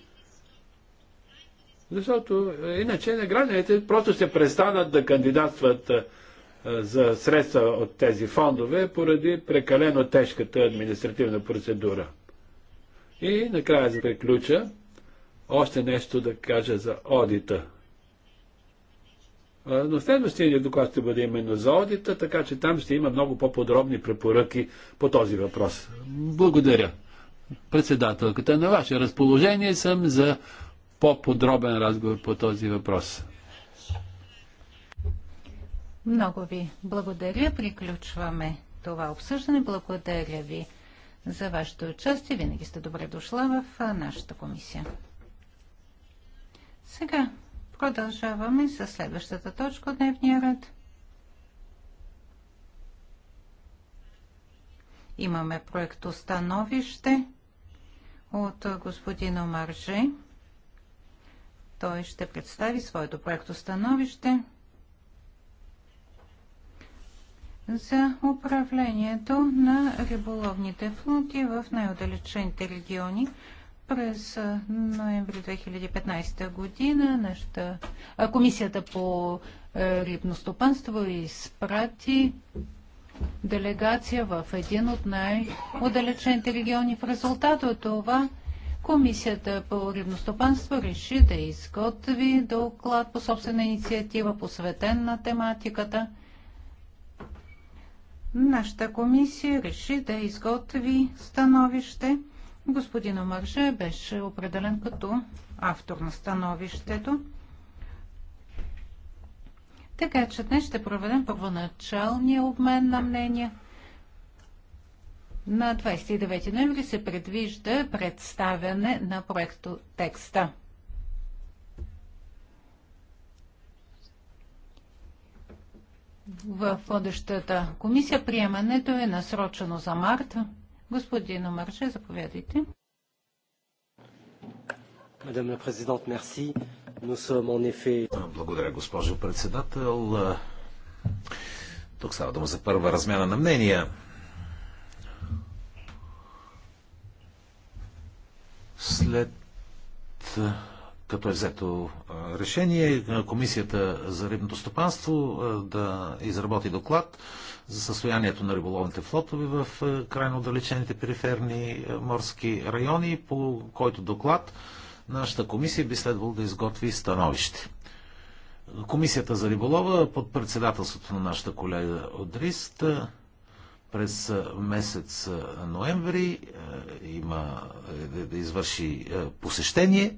защото иначе гражданите просто ще престанат да кандидатстват за средства от тези фондове поради прекалено тежката административна процедура. И накрая за приключа още нещо да кажа за одита. Но следващия ни доклад ще бъде именно за одита, така че там ще има много по-подробни препоръки по този въпрос. Благодаря. Председателката, на ваше разположение съм за по-подробен разговор по този въпрос. Много ви благодаря. Приключваме това обсъждане. Благодаря ви за вашето участие. Винаги сте добре дошла в нашата комисия. Сега продължаваме с следващата точка от дневния ред. Имаме проект Остановище от господин Омарже. Той ще представи своето проект Остановище. за управлението на риболовните флоти в най-отдалечените региони. През ноември 2015 година нашата, комисията по е, рибно стопанство изпрати делегация в един от най-отдалечените региони. В резултат от това Комисията по рибностопанство реши да изготви доклад по собствена инициатива, посветен на тематиката – Нашата комисия реши да изготви становище. Господин Омърже беше определен като автор на становището. Така че днес ще проведем първоначалния обмен на мнения. На 29 ноември се предвижда представяне на проекто текста. в водещата комисия. Приемането е насрочено за март. Господин Омарже, заповядайте. Мадам президент, мерси. Благодаря, госпожо председател. Тук става дума за първа размяна на мнения. След като е взето решение Комисията за рибното стопанство да изработи доклад за състоянието на риболовните флотове в крайно отдалечените периферни морски райони, по който доклад нашата комисия би следвало да изготви становище. Комисията за риболова под председателството на нашата колега Одрист през месец ноември има е, да извърши посещение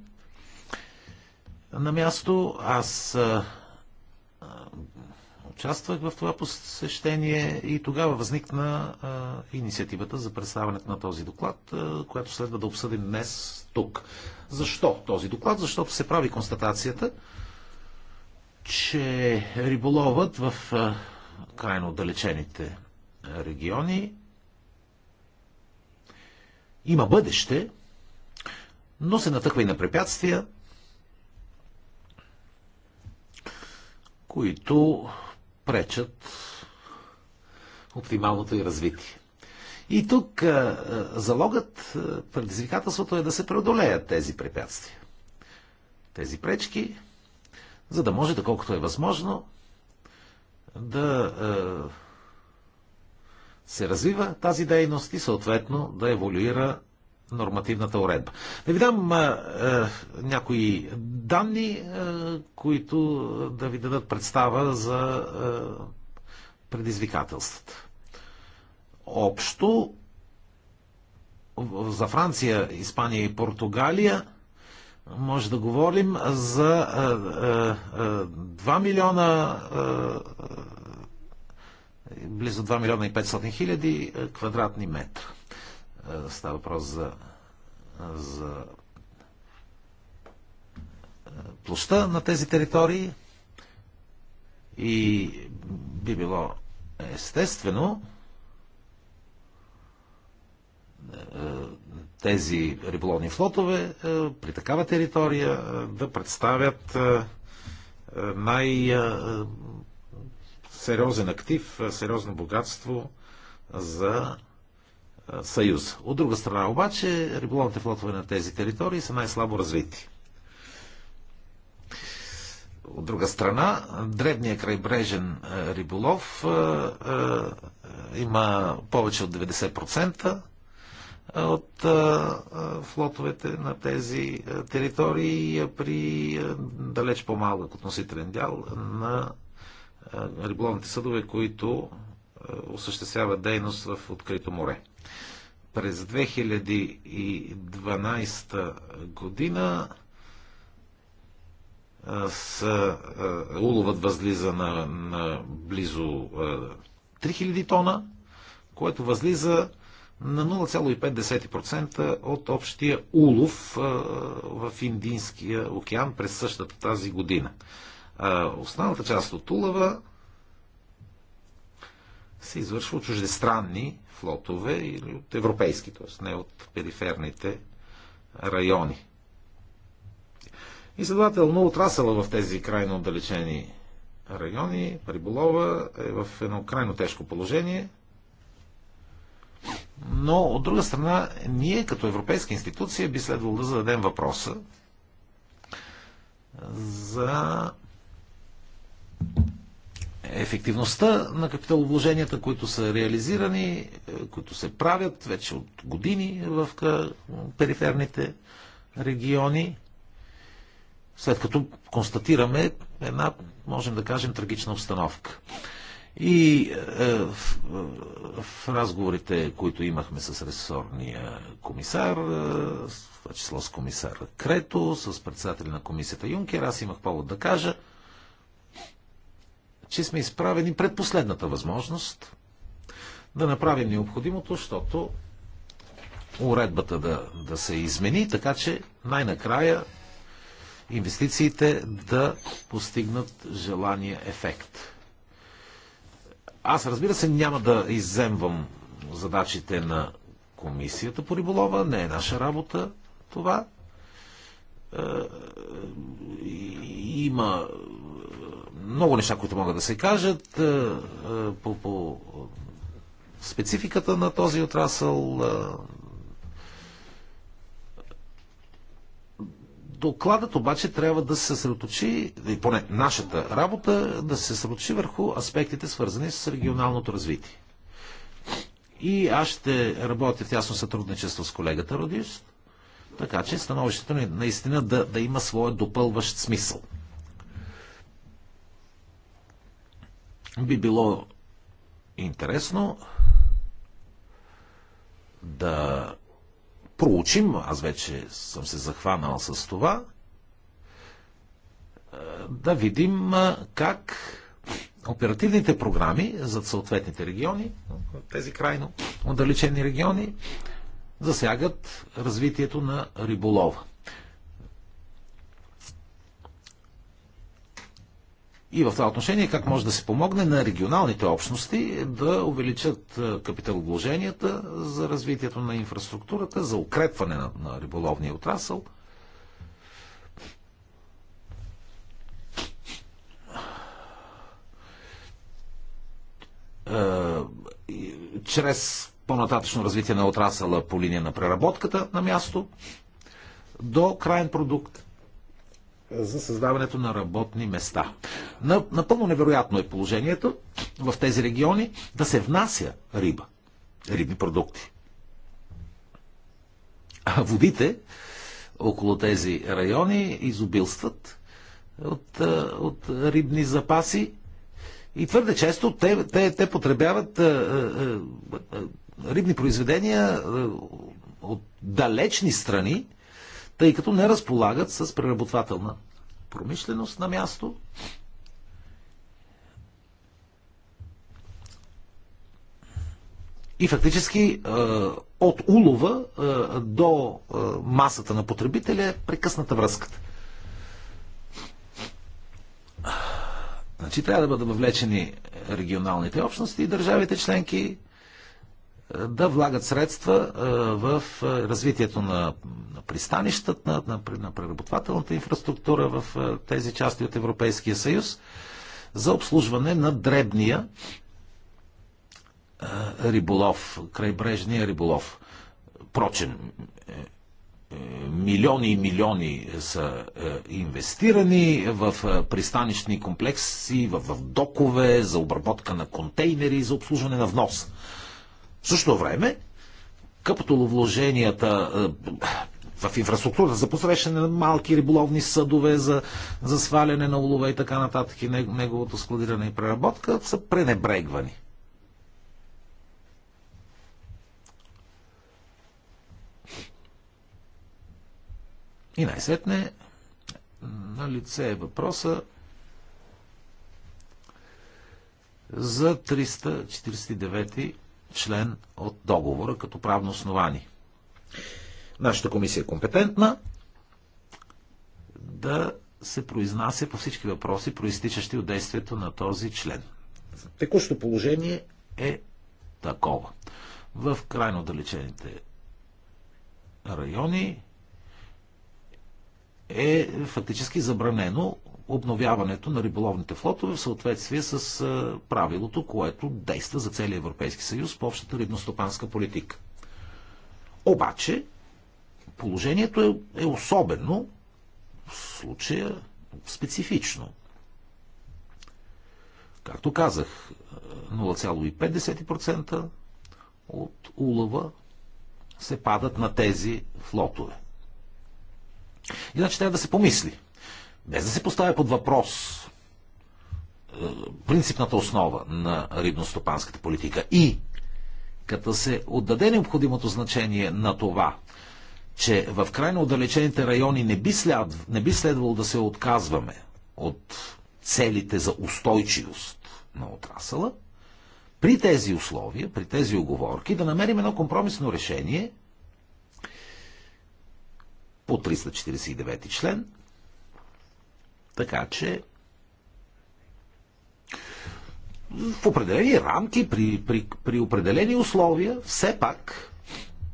на място. Аз а, участвах в това посещение и тогава възникна а, инициативата за представянето на този доклад, а, която следва да обсъдим днес тук. Защо този доклад? Защото се прави констатацията, че риболовът в а, крайно отдалечените региони има бъдеще, но се натъква и на препятствия, които пречат оптималното и развитие. И тук залогът, предизвикателството е да се преодолеят тези препятствия, тези пречки, за да може, доколкото е възможно, да се развива тази дейност и съответно да еволюира нормативната уредба. Да ви дам а, а, е, някои данни, а, е, които да ви дадат представа за а, е, предизвикателствата. Общо за Франция, Испания и Португалия може да говорим за а, а, 2 милиона а, близо 2 милиона и 500 хиляди квадратни метра. Е, става въпрос за, за е, площа на тези територии и би било естествено е, тези риболовни флотове при такава територия да представят най- сериозен актив, сериозно богатство за съюз. От друга страна обаче, риболовните флотове на тези територии са най-слабо развити. От друга страна, древният крайбрежен е, риболов е, е, има повече от 90% от флотовете на тези територии при далеч по-малък относителен дял на риболовните съдове, които е, осъществява дейност в открито море. През 2012 година е, с е, уловът възлиза на, на близо 3000 тона, което възлиза на 0,5% от общия улов в Индийския океан през същата тази година. Останалата част от улова се извършва от чуждестранни флотове или от европейски, т.е. не от периферните райони. И следователно отрасъла в тези крайно отдалечени райони, риболова е в едно крайно тежко положение. Но от друга страна, ние като европейска институция би следвало да зададем въпроса за ефективността на капиталовложенията, които са реализирани, е, които се правят вече от години в периферните региони, след като констатираме една, можем да кажем, трагична обстановка. И е, е в, е, в разговорите, които имахме с ресорния комисар, в това число с комисар Крето, с председателя на комисията Юнкер, аз имах повод да кажа – че сме изправени пред последната възможност да направим необходимото, защото уредбата да, да се измени, така че най-накрая инвестициите да постигнат желания ефект. Аз разбира се няма да изземвам задачите на комисията по риболова, не е наша работа това. Е, има много неща, които могат да се кажат е, е, по, по спецификата на този отрасъл. Е. Докладът обаче трябва да се съсредоточи, и поне нашата работа, да се съсредоточи върху аспектите, свързани с регионалното развитие. И аз ще работя в тясно сътрудничество с колегата Родиш, така че становището ни наистина да, да има своя допълващ смисъл. би било интересно да проучим, аз вече съм се захванал с това, е, да видим е, как оперативните програми за съответните региони, тези крайно отдалечени региони, засягат развитието на риболова. И в това отношение как може да се помогне на регионалните общности да увеличат е, капиталовложенията за развитието на инфраструктурата, за укрепване на, на риболовния отрасъл. Е, чрез по-нататъчно развитие на отрасъла по линия на преработката на място до крайен продукт за създаването на работни места. Напълно невероятно е положението в тези региони да се внася риба, рибни продукти. А водите около тези райони изобилстват от, от рибни запаси и твърде често те, те, те потребяват рибни произведения от далечни страни, тъй като не разполагат с преработвателна промишленост на място. И фактически от улова до масата на потребителя е прекъсната връзката. Значи трябва да бъдат въвлечени регионалните общности и държавите членки, да влагат средства в развитието на пристанищата, на преработвателната инфраструктура в тези части от Европейския съюз за обслужване на дребния риболов, крайбрежния риболов. Прочен, е, е, милиони и милиони са е, инвестирани в пристанищни комплекси, в докове, за обработка на контейнери, за обслужване на внос в същото време, капиталовложенията е, в инфраструктурата за посрещане на малки риболовни съдове, за, за сваляне на улове и така нататък и неговото складиране и преработка са пренебрегвани. И най-сетне на лице е въпроса за 349 член от договора като правно основание. Нашата комисия е компетентна да се произнася по всички въпроси, проистичащи от действието на този член. Текущото положение е такова. В крайно отдалечените райони е фактически забранено обновяването на риболовните флотове в съответствие с правилото, което действа за целия Европейски съюз по общата рибностопанска политика. Обаче, положението е, е особено, в случая специфично. Както казах, 0,5% от улова се падат на тези флотове. Иначе трябва да се помисли без да се поставя под въпрос е, принципната основа на рибностопанската политика и като се отдаде необходимото значение на това, че в крайно отдалечените райони не би, следв... не би следвало да се отказваме от целите за устойчивост на отрасъла, при тези условия, при тези оговорки, да намерим едно компромисно решение по 349 член, така че в определени рамки, при, при, при определени условия, все пак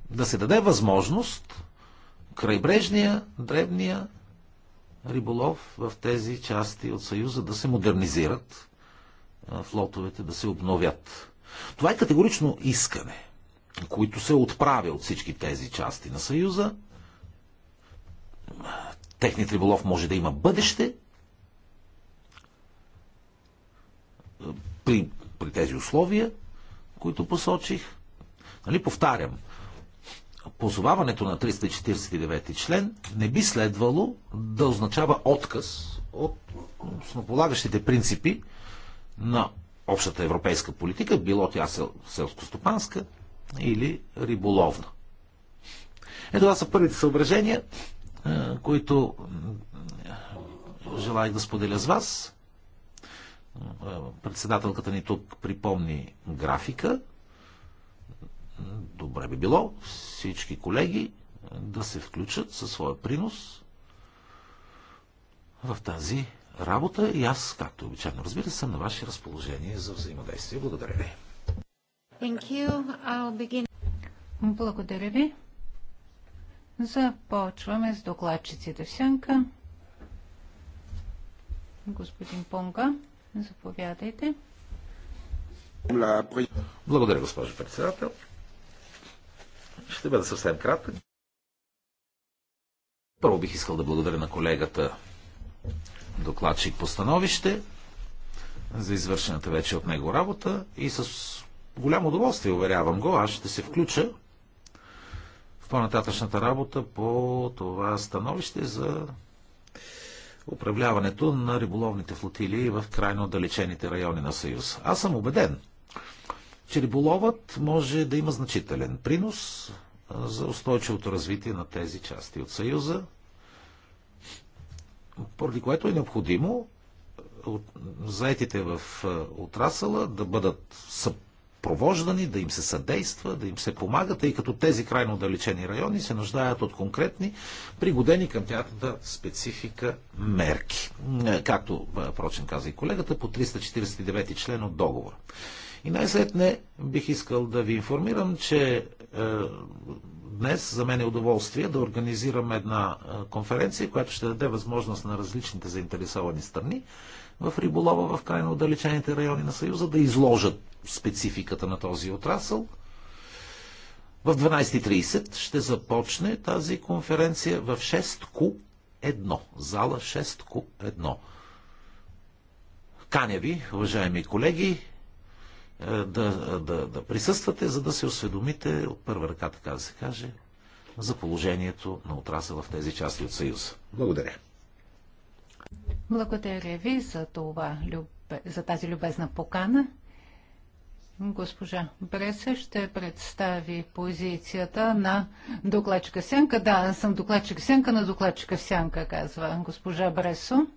да се даде възможност крайбрежния, древния риболов в тези части от Съюза да се модернизират, флотовете да се обновят. Това е категорично искане, които се отправя от всички тези части на Съюза. Техният риболов може да има бъдеще, при, при тези условия, които посочих. Нали, повтарям, позоваването на 349 член не би следвало да означава отказ от основополагащите принципи на общата европейска политика, било тя сел, селскостопанска или риболовна. Ето това са първите съображения, които желая да споделя с вас. Е, председателката ни тук припомни графика. Добре би било всички колеги да се включат със своя принос в тази работа и аз, както обичайно, разбира се, съм на ваше разположение за взаимодействие. Благодаря ви. Begin... Благодаря ви. Започваме с докладчиците в сянка. Господин Понга. Заповядайте. Благодаря, госпожо председател. Ще бъда съвсем кратък. Първо бих искал да благодаря на колегата докладчик по становище за извършената вече от него работа и с голямо удоволствие, уверявам го, аз ще се включа в по-нататъчната работа по това становище за управляването на риболовните флотилии в крайно отдалечените райони на Съюз. Аз съм убеден, че риболовът може да има значителен принос за устойчивото развитие на тези части от Съюза, поради което е необходимо заетите в отрасъла да бъдат съп провождани, да им се съдейства, да им се помага, тъй като тези крайно отдалечени райони се нуждаят от конкретни, пригодени към тяхната специфика мерки. Е, както, е, прочен каза и колегата, по 349 член от договора. И най-сетне бих искал да ви информирам, че е, днес за мен е удоволствие да организирам една е, конференция, която ще даде възможност на различните заинтересовани страни в риболова в крайно отдалечените райони на Съюза да изложат спецификата на този отрасъл. В 12.30 ще започне тази конференция в 6 Ку 1 зала 6 Ку 1 Каня ви, уважаеми колеги, е, да, да, да присъствате, за да се осведомите от първа ръка, така да се каже, за положението на отрасъла в тези части от Съюза. Благодаря. Благодаря ви за, това, за тази любезна покана. Госпожа Бресе ще представи позицията на докладчика Сянка. Да, аз съм докладчик Сянка на докладчика Сянка, казва госпожа Бресо.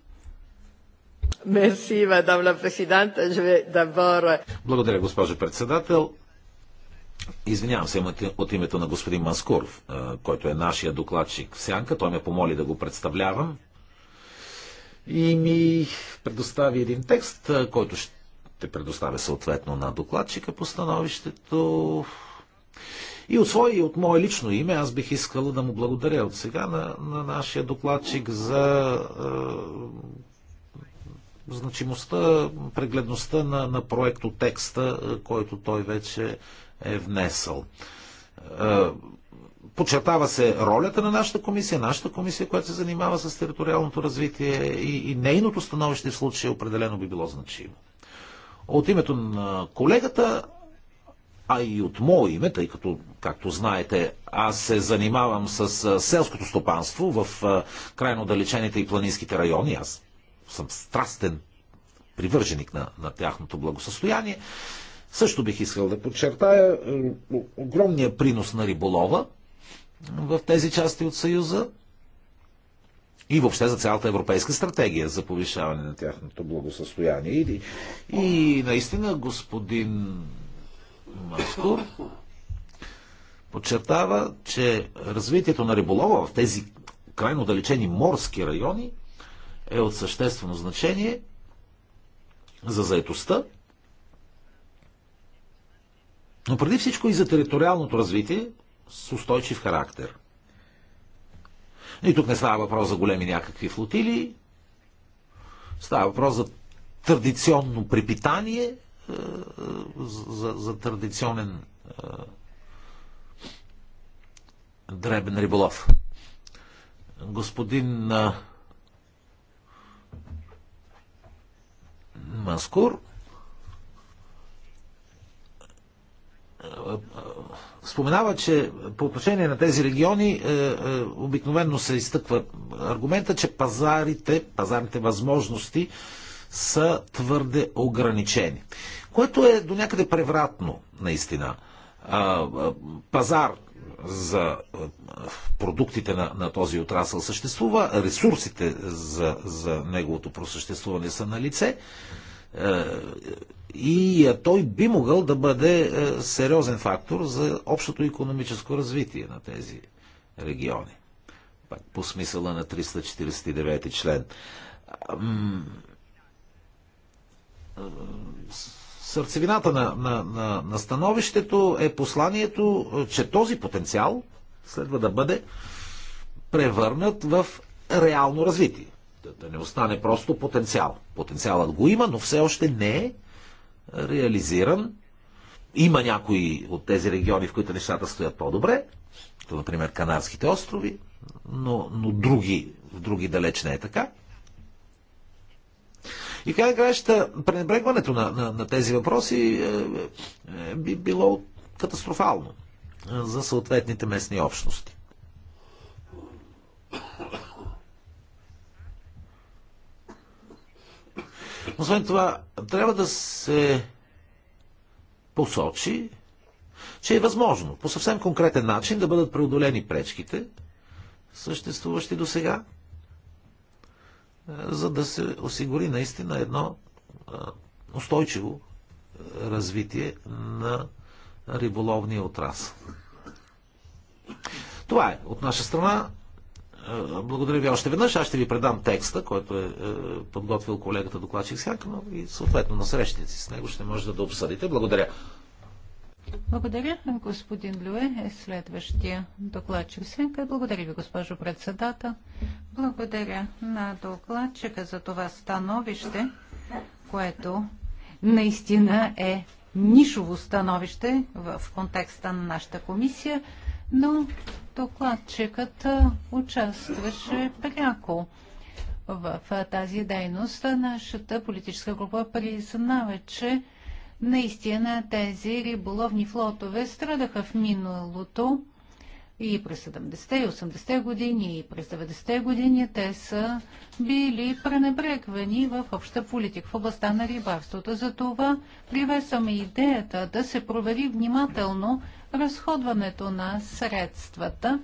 Мерси, мадам президента. Благодаря, госпожо председател. Извинявам се от името на господин Маскуров, който е нашия докладчик в Сянка. Той ме помоли да го представлявам и ми предостави един текст, който ще предоставя съответно на докладчика по становището. И от свое и от мое лично име аз бих искала да му благодаря от сега на, на нашия докладчик за е, значимостта, прегледността на, на проекто текста, който той вече е внесъл. Е, подчертава се ролята на нашата комисия, нашата комисия, която се занимава с териториалното развитие и, и нейното становище в случая определено би било значимо. От името на колегата, а и от мое име, тъй като, както знаете, аз се занимавам с селското стопанство в крайно далечените и планинските райони. Аз съм страстен привърженик на, на тяхното благосъстояние. Също бих искал да подчертая огромния принос на риболова в тези части от Съюза и въобще за цялата европейска стратегия за повишаване на тяхното благосъстояние. И, и наистина господин Маскур подчертава, че развитието на риболова в тези крайно далечени морски райони е от съществено значение за заетостта, но преди всичко и за териториалното развитие с устойчив характер. И тук не става въпрос за големи някакви флотили, става въпрос за традиционно препитание, е, за, за традиционен е, дребен риболов. Господин е, Маскур споменава, че по отношение на тези региони е, е, обикновенно се изтъква аргумента, че пазарите, пазарните възможности са твърде ограничени. Което е до някъде превратно, наистина. Е, пазар за продуктите на, на този отрасъл съществува, ресурсите за, за неговото просъществуване са на лице. Е, и е, той би могъл да бъде е, сериозен фактор за общото економическо развитие на тези региони. Пак по смисъла на 349 член. Сърцевината на, на, на, на становището е посланието, че този потенциал следва да бъде превърнат в реално развитие да не остане просто потенциал. Потенциалът го има, но все още не е реализиран. Има някои от тези региони, в които нещата стоят по-добре, като например Канарските острови, но, но други, в други далеч не е така. И край краища, пренебрегването на, на, на тези въпроси е, е, би било катастрофално е, за съответните местни общности. Освен това, трябва да се посочи, че е възможно по съвсем конкретен начин да бъдат преодолени пречките, съществуващи до сега, е, за да се осигури наистина едно е, устойчиво е, развитие на риболовния отрасъл. Това е от наша страна. Е, благодаря ви още веднъж. Аз ще ви предам текста, който е, е подготвил колегата докладчик Сянканов и съответно на срещите си с него ще можете да обсъдите. Благодаря. Благодаря. Господин Люе е следващия докладчик Сенка. Благодаря ви, госпожо председател. Благодаря на докладчика за това становище, което наистина е нишово становище в контекста на нашата комисия, но докладчикът участваше пряко в тази дейност. Нашата политическа група признава, че наистина тези риболовни флотове страдаха в миналото и през 70-те и 80-те години, и през 90-те години те са били пренебрегвани в обща политика в областта на рибарството. Затова приветстваме идеята да се провери внимателно разходването на средствата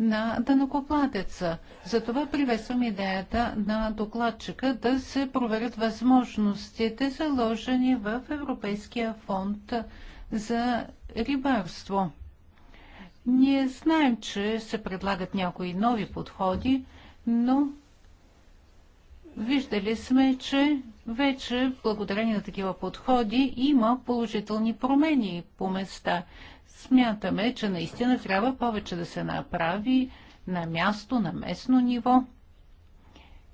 на данокоплатеца. Затова приветствам идеята на докладчика да се проверят възможностите, заложени в Европейския фонд за рибарство. Ние знаем, че се предлагат някои нови подходи, но Виждали сме, че вече благодарение на такива подходи има положителни промени по места. Смятаме, че наистина трябва повече да се направи на място, на местно ниво.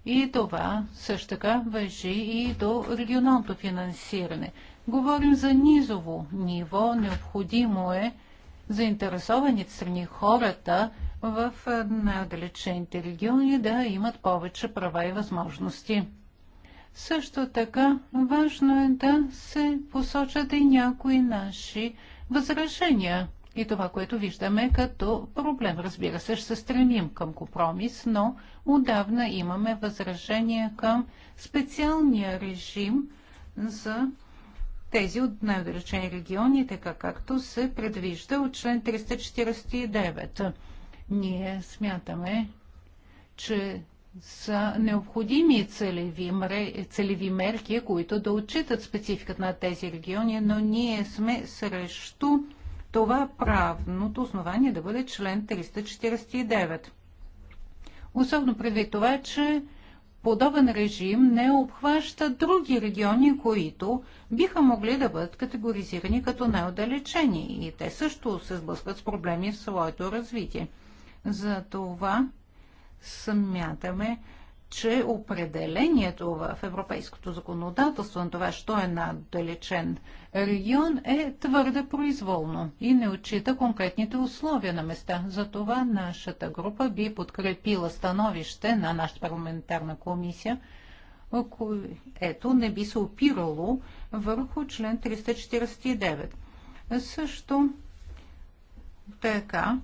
И това също така въжи и до регионалното финансиране. Говорим за низово ниво. Необходимо е заинтересованите страни хората в най-отдалечените региони да имат повече права и възможности. Също така важно е да се посочат и някои наши възражения и това, което виждаме като проблем. Разбира се, ще се стремим към компромис, но отдавна имаме възражение към специалния режим за тези от най-отдалечени региони, така както се предвижда от член 349. Ние смятаме, че са необходими целеви, целеви мерки, които да отчитат спецификата на тези региони, но ние сме срещу това правното основание да бъде член 349. Особено предвид това, че подобен режим не обхваща други региони, които биха могли да бъдат категоризирани като най-отдалечени и те също се сблъскват с проблеми в своето развитие. За това смятаме, че определението в европейското законодателство на това, що е надалечен регион, е твърде произволно и не отчита конкретните условия на места. Затова нашата група би подкрепила становище на нашата парламентарна комисия, което не би се опирало върху член 349. Също така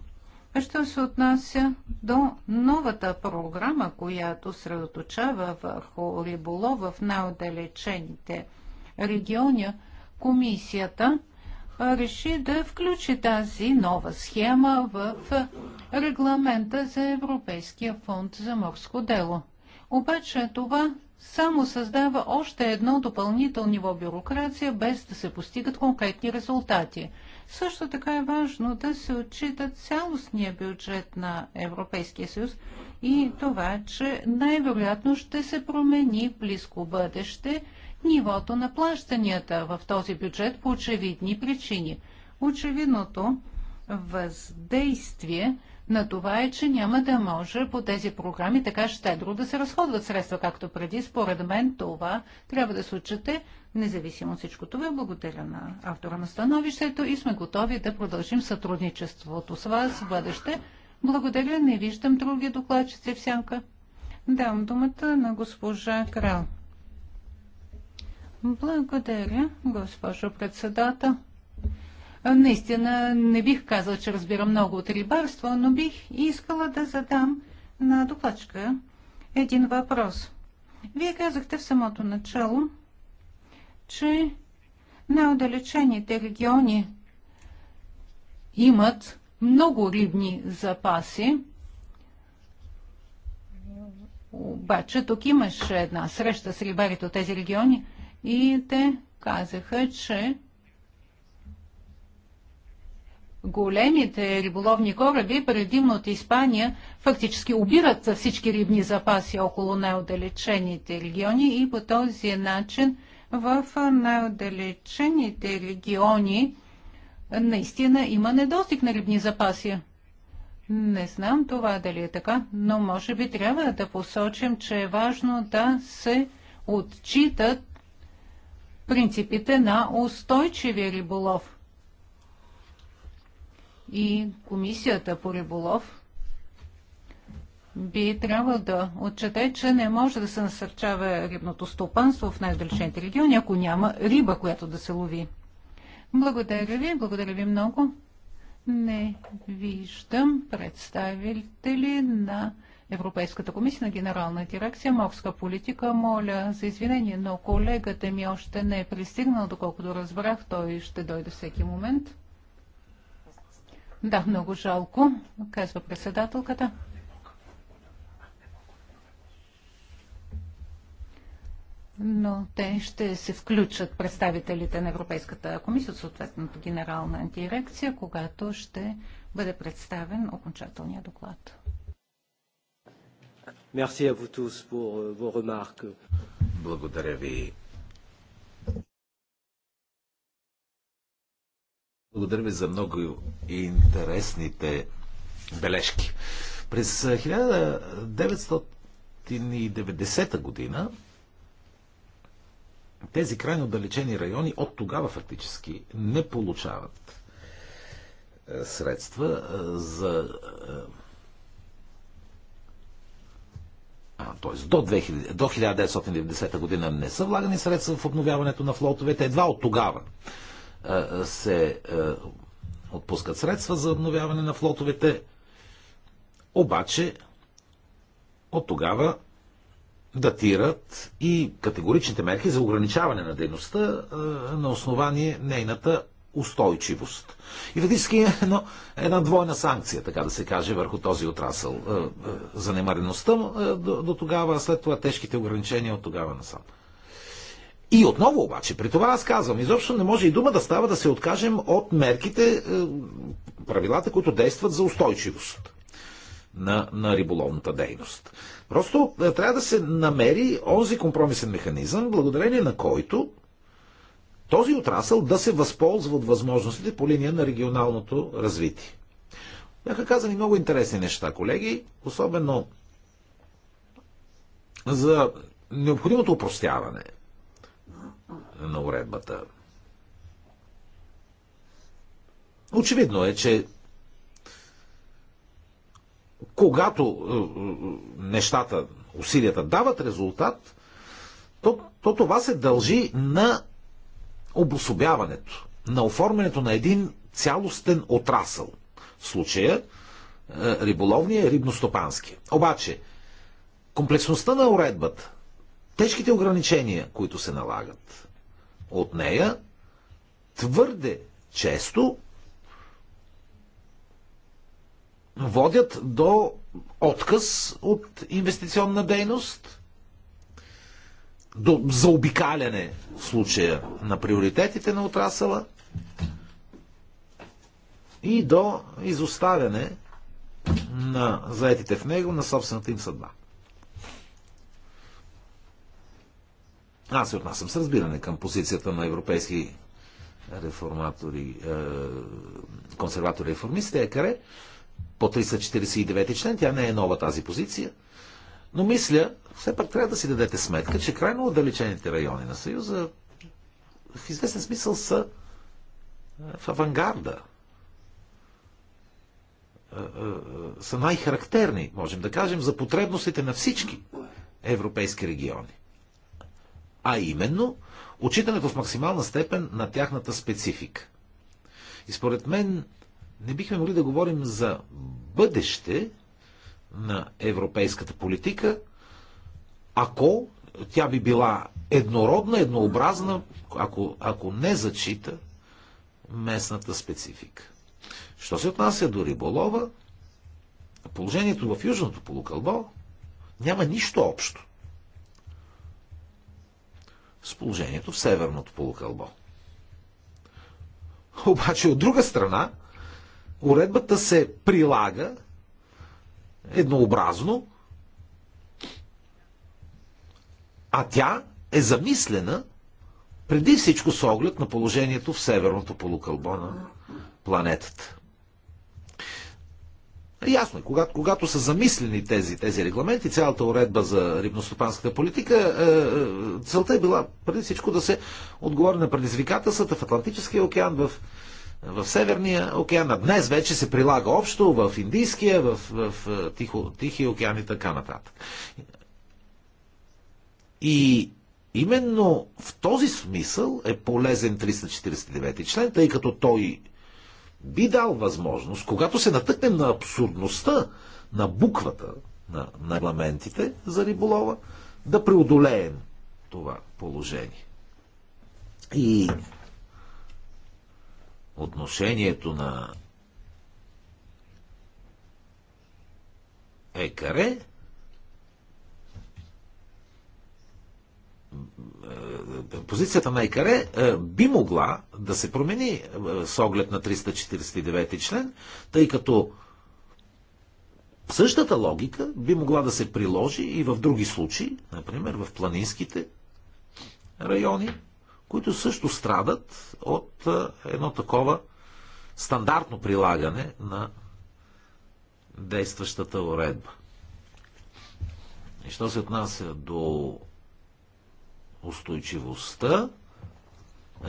Що се отнася до новата програма, която средоточава върху риболова в най-отдалечените региони, комисията реши да включи тази нова схема в регламента за Европейския фонд за морско дело. Обаче това само създава още едно допълнително ниво бюрокрация, без да се постигат конкретни резултати – също така е важно да се отчита цялостния бюджет на Европейския съюз и това, че най-вероятно ще се промени близко бъдеще нивото на плащанията в този бюджет по очевидни причини. Очевидното въздействие на това е, че няма да може по тези програми така щедро да се разходват средства, както преди. Според мен това трябва да се отчете, независимо от всичко това. Благодаря на автора на становището и сме готови да продължим сътрудничеството с вас в бъдеще. Благодаря, не виждам други докладчици в сянка. Давам думата на госпожа Крал. Благодаря, госпожо председател. Наистина не бих казал, че разбира много от рибарство, но бих искала да задам на докладчика един въпрос. Вие казахте в самото начало, че най-отдалечените региони имат много рибни запаси. Обаче тук имаше една среща с рибарите от тези региони и те казаха, че големите риболовни кораби, предимно от Испания, фактически убират всички рибни запаси около най-отдалечените региони и по този начин в най-отдалечените региони наистина има недостиг на рибни запаси. Не знам това дали е така, но може би трябва да посочим, че е важно да се отчитат принципите на устойчивия риболов – и Комисията по риболов би трябвало да отчете, че не може да се насърчава рибното стопанство в най-далечените региони, ако няма риба, която да се лови. Благодаря ви, благодаря ви много. Не виждам представители на Европейската комисия на Генерална дирекция Морска политика. Моля за извинение, но колегата ми още не е пристигнал, доколкото разбрах, той ще дойде всеки момент. Да, много жалко, казва председателката. но те ще се включат представителите на Европейската комисия от съответната генерална дирекция, когато ще бъде представен окончателният доклад. Euh, Благодаря ви Благодаря ви за много интересните бележки. През 1990 година тези крайно отдалечени райони от тогава фактически не получават средства за. А, т.е. До, 2000, до 1990 година не са влагани средства в обновяването на флотовете, едва от тогава е, е, се е, отпускат средства за обновяване на флотовете, обаче от тогава датират и категоричните мерки за ограничаване на дейността на основание нейната устойчивост. И фактически е едно, една двойна санкция, така да се каже, върху този отрасъл. Занемареността до, до тогава, след това тежките ограничения от тогава насам. И отново обаче, при това аз казвам, изобщо не може и дума да става да се откажем от мерките, е, правилата, които действат за устойчивост на, на риболовната дейност. Просто е, трябва да се намери онзи компромисен механизъм, благодарение на който този отрасъл да се възползва от възможностите по линия на регионалното развитие. Бяха казани много интересни неща, колеги, особено за необходимото упростяване на уредбата. Очевидно е, че когато е, е, нещата, усилията дават резултат, то, то това се дължи на обособяването, на оформянето на един цялостен отрасъл. В случая е, риболовния и рибностопанския. Обаче, комплексността на уредбата, тежките ограничения, които се налагат, от нея, твърде често водят до отказ от инвестиционна дейност, до заобикаляне в случая на приоритетите на отрасъла и до изоставяне на заетите в него на собствената им съдба. Аз се отнасям с разбиране към позицията на европейски реформатори, е, консерватори реформисти, е каре по 349 член, тя не е нова тази позиция, но мисля, все пак трябва да си дадете сметка, че крайно отдалечените райони на Съюза в известен смисъл са е, в авангарда. Е, са най-характерни, можем да кажем, за потребностите на всички европейски региони а именно отчитането в максимална степен на тяхната специфика. И според мен не бихме могли да говорим за бъдеще на европейската политика, ако тя би била еднородна, еднообразна, ако, ако не зачита местната специфика. Що се отнася до риболова, положението в Южното полукълбо няма нищо общо с положението в Северното полукълбо. Обаче от друга страна, уредбата се прилага еднообразно, а тя е замислена преди всичко с оглед на положението в Северното полукълбо на планетата. Ясно е, когато, когато са замислени тези, тези регламенти, цялата уредба за рибностопанската политика, е, е, целта е била преди всичко да се отговори на предизвикателствата в Атлантическия океан, в, в Северния океан, а днес вече се прилага общо в Индийския, в, в, в е, Тихо, Тихия океан и така нататък. И именно в този смисъл е полезен 349 член, тъй като той би дал възможност, когато се натъкнем на абсурдността на буквата на, на регламентите за риболова, да преодолеем това положение. И отношението на Екаре Е, е, позицията на ЕКАРЕ е, би могла да се промени с оглед на 349 член, тъй като същата логика би могла да се приложи и в други случаи, например в планинските райони, които също страдат от едно такова стандартно прилагане на действащата уредба. И що се отнася до устойчивостта.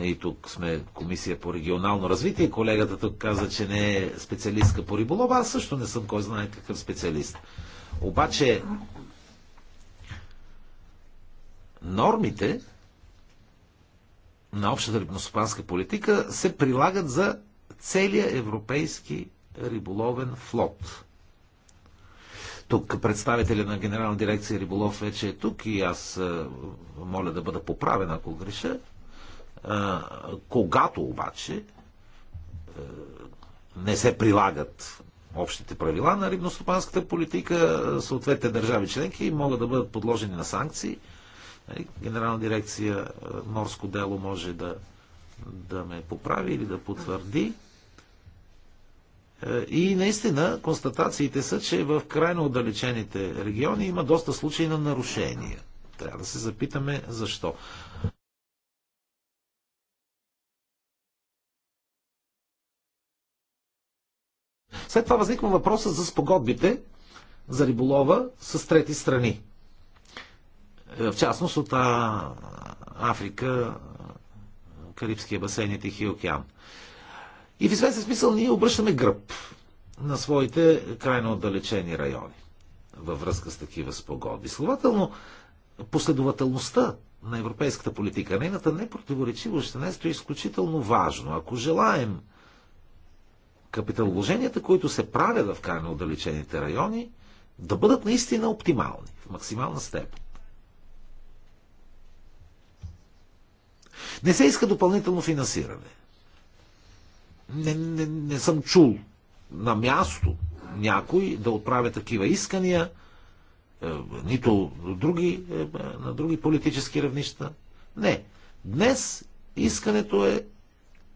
И тук сме комисия по регионално развитие. Колегата тук каза, че не е специалистка по риболова. Аз също не съм кой знае какъв специалист. Обаче нормите на общата рибностопанска политика се прилагат за целия европейски риболовен флот. Тук представителя на Генерална дирекция Риболов вече е тук и аз моля да бъда поправен, ако греша. Когато обаче не се прилагат общите правила на рибностопанската политика, съответните държави членки могат да бъдат подложени на санкции. Нали, Генерална дирекция Морско дело може да, да ме поправи или да потвърди. Е, и наистина констатациите са, че в крайно отдалечените региони има доста случаи на нарушения. Трябва да се запитаме защо. След това възниква въпроса за спогодбите за риболова с трети страни. Е, в частност от Африка, Карибския басейн и Тихия океан. И в известен смисъл ние обръщаме гръб на своите крайно отдалечени райони във връзка с такива спогодби. Следователно, последователността на европейската политика, нейната непротиворечивост нещо е изключително важно. Ако желаем капиталовложенията, които се правят в крайно отдалечените райони, да бъдат наистина оптимални, в максимална степен. Не се иска допълнително финансиране не, не, не съм чул на място някой да отправя такива искания, е, нито други, е, на други политически равнища. Не. Днес искането е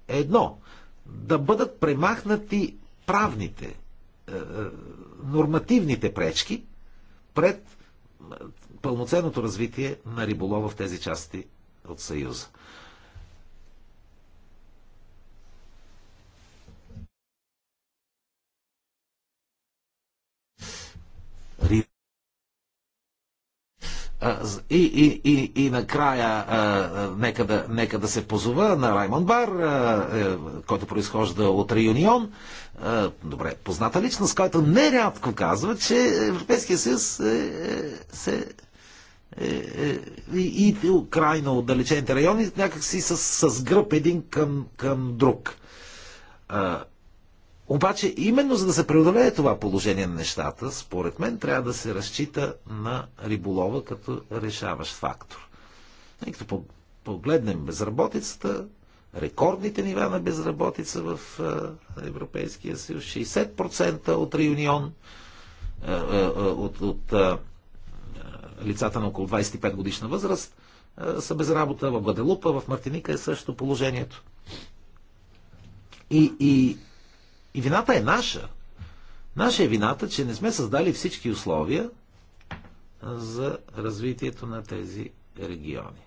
едно да бъдат премахнати правните, е, нормативните пречки пред пълноценното развитие на риболова в тези части от Съюза. И, и, и, и накрая, нека да, нека да се позова на Раймон Бар, е, който произхожда от Реюнион, добре позната личност, който нерядко казва, че Европейския съюз е, е се и, е, и, и крайно отдалечените райони някакси с, с гръб един към, към друг. Обаче, именно за да се преодолее това положение на нещата, според мен трябва да се разчита на риболова като решаващ фактор. И като погледнем безработицата, рекордните нива на безработица в Европейския съюз, 60% от Реюнион, от, от лицата на около 25 годишна възраст, са без работа. В Гаделупа, в Мартиника е също положението. И, и и вината е наша. Наша е вината, че не сме създали всички условия за развитието на тези региони.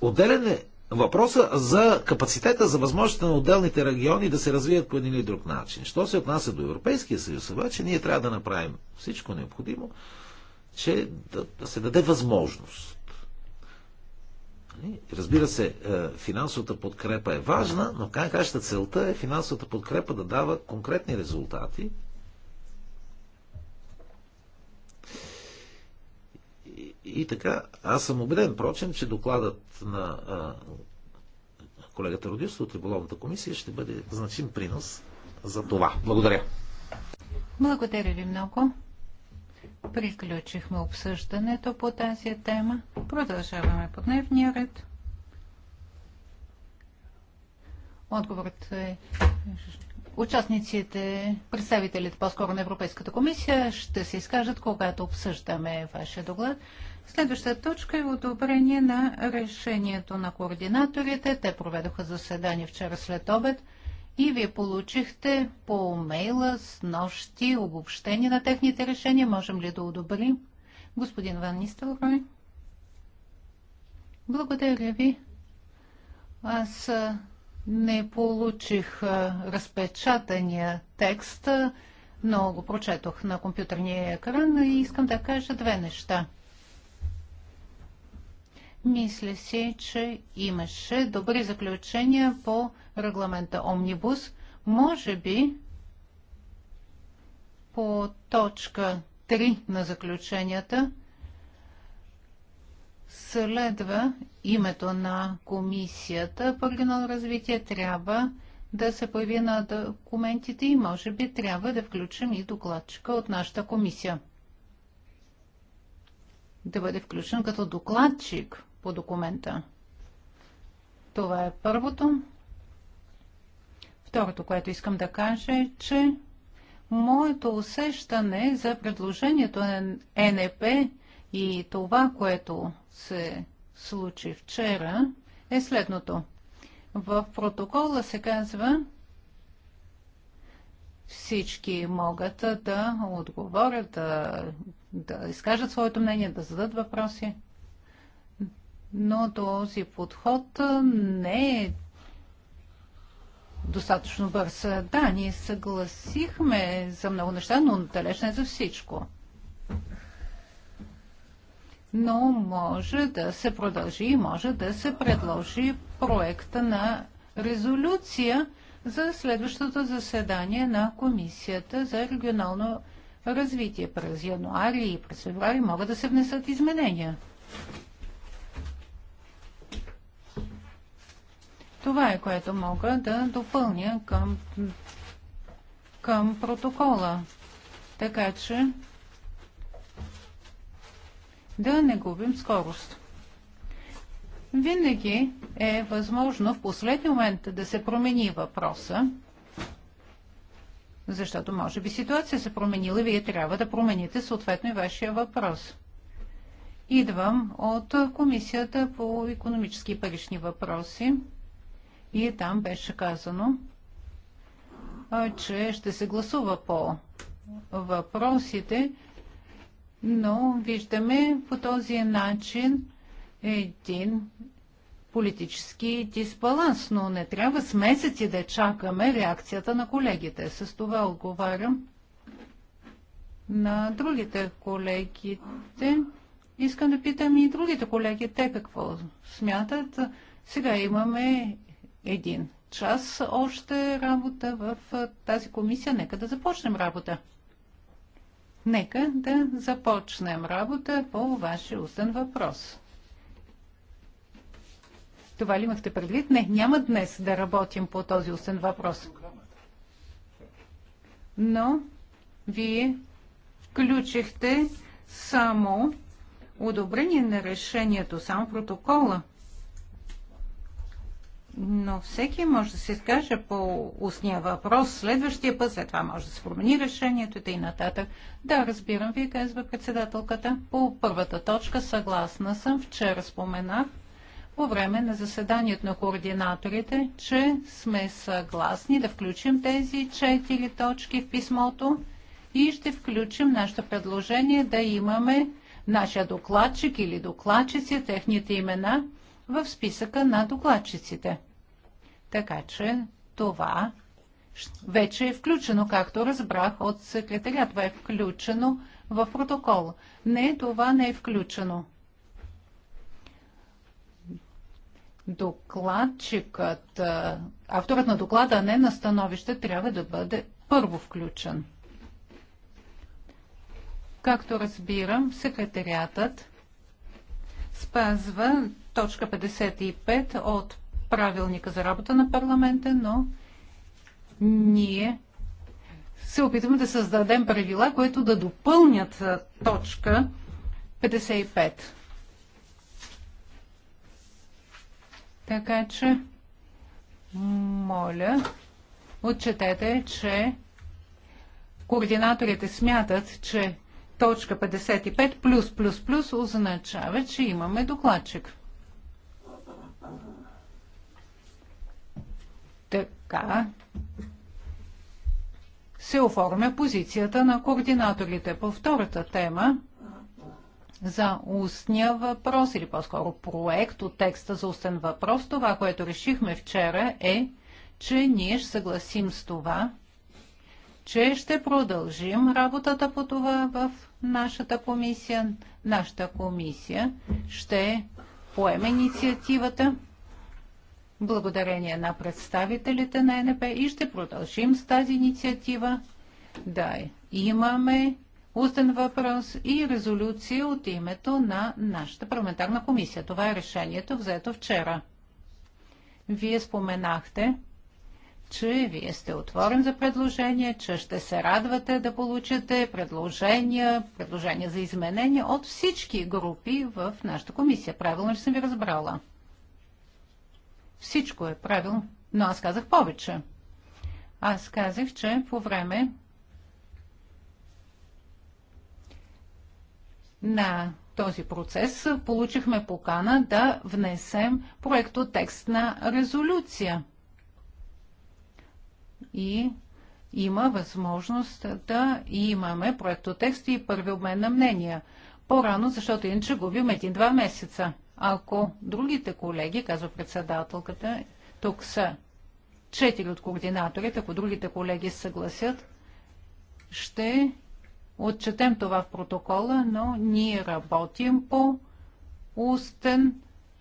Отделен е въпроса за капацитета, за възможността на отделните региони да се развият по един или друг начин. Що се отнася до Европейския съюз, обаче ние трябва да направим всичко необходимо, че да, да се даде възможност. Нали? Разбира се, е, финансовата подкрепа е важна, но как краща целта е финансовата подкрепа да дава конкретни резултати. И, и така, аз съм убеден, прочен, че докладът на а, е, колегата Родиусто от Риболовната комисия ще бъде значим принос за това. Благодаря. Благодаря ви много. Приключихме обсъждането по тази тема. Продължаваме по дневния ред. Отговорът е участниците, представителите по-скоро на Европейската комисия ще се изкажат, когато обсъждаме вашия доклад. Следващата точка е одобрение на решението на координаторите. Те проведоха заседание вчера след обед – и вие получихте по мейла с нощи обобщение на техните решения. Можем ли да одобрим? Господин Ван Нистелрой. Благодаря ви. Аз не получих разпечатания текст, но го прочетох на компютърния екран и искам да кажа две неща. Мисля си, че имаше добри заключения по регламента Омнибус. Може би по точка 3 на заключенията следва името на комисията по регионално развитие трябва да се появи на документите и може би трябва да включим и докладчика от нашата комисия. Да бъде включен като докладчик по документа. Това е първото. Второто, което искам да кажа е, че моето усещане за предложението на НП и това, което се случи вчера, е следното. В протокола се казва, всички могат да отговорят, да, да изкажат своето мнение, да зададат въпроси но този подход не е достатъчно бърз. Да, ние съгласихме за много неща, но далеч не за всичко. Но може да се продължи и може да се предложи проекта на резолюция за следващото заседание на Комисията за регионално развитие през януари и през февруари могат да се внесат изменения. Това е което мога да допълня към, към протокола. Така че да не губим скорост. Винаги е възможно в последния момент да се промени въпроса, защото може би ситуация се променила и вие трябва да промените съответно и вашия въпрос. Идвам от Комисията по економически и парични въпроси и там беше казано, че ще се гласува по въпросите, но виждаме по този начин един политически дисбаланс, но не трябва с месеци да чакаме реакцията на колегите. С това отговарям на другите колегите. Искам да питам и другите колеги, те какво смятат. Сега имаме един час още работа в тази комисия. Нека да започнем работа. Нека да започнем работа по вашия устен въпрос. Това ли имахте предвид? Не, няма днес да работим по този устен въпрос. Но вие включихте само одобрение на решението, само протокола но всеки може да се изкаже по устния въпрос следващия път, след това може да се промени решението и нататък. Да, разбирам ви, казва председателката. По първата точка съгласна съм. Вчера споменах по време на заседанието на координаторите, че сме съгласни да включим тези четири точки в писмото и ще включим нашето предложение да имаме нашия докладчик или докладчици, техните имена в списъка на докладчиците. Така че това вече е включено, както разбрах от секретаря. Това е включено в протокол. Не, това не е включено. Докладчикът, авторът на доклада, а не на становище, трябва да бъде първо включен. Както разбирам, секретариатът спазва точка 55 от правилника за работа на парламента, но ние се опитваме да създадем правила, които да допълнят точка 55. Така че, моля, отчетете, че координаторите смятат, че точка 55 плюс плюс плюс означава, че имаме докладчик. така се оформя позицията на координаторите. По втората тема за устния въпрос или по-скоро проект от текста за устен въпрос, това, което решихме вчера е, че ние ще съгласим с това, че ще продължим работата по това в нашата комисия. Нашата комисия ще поеме инициативата благодарение на представителите на НП и ще продължим с тази инициатива. Да, имаме устен въпрос и резолюция от името на нашата парламентарна комисия. Това е решението взето вчера. Вие споменахте, че вие сте отворен за предложения, че ще се радвате да получите предложения, предложения за изменения от всички групи в нашата комисия. Правилно ли съм ви разбрала? Всичко е правилно, но аз казах повече. Аз казах, че по време на този процес получихме покана да внесем проекто текст на резолюция. И има възможност да имаме проекто текст и първи обмен на мнения. По-рано, защото иначе губим един-два месеца. Ако другите колеги, казва председателката, тук са четири от координаторите, ако другите колеги съгласят, ще отчетем това в протокола, но ние работим по устен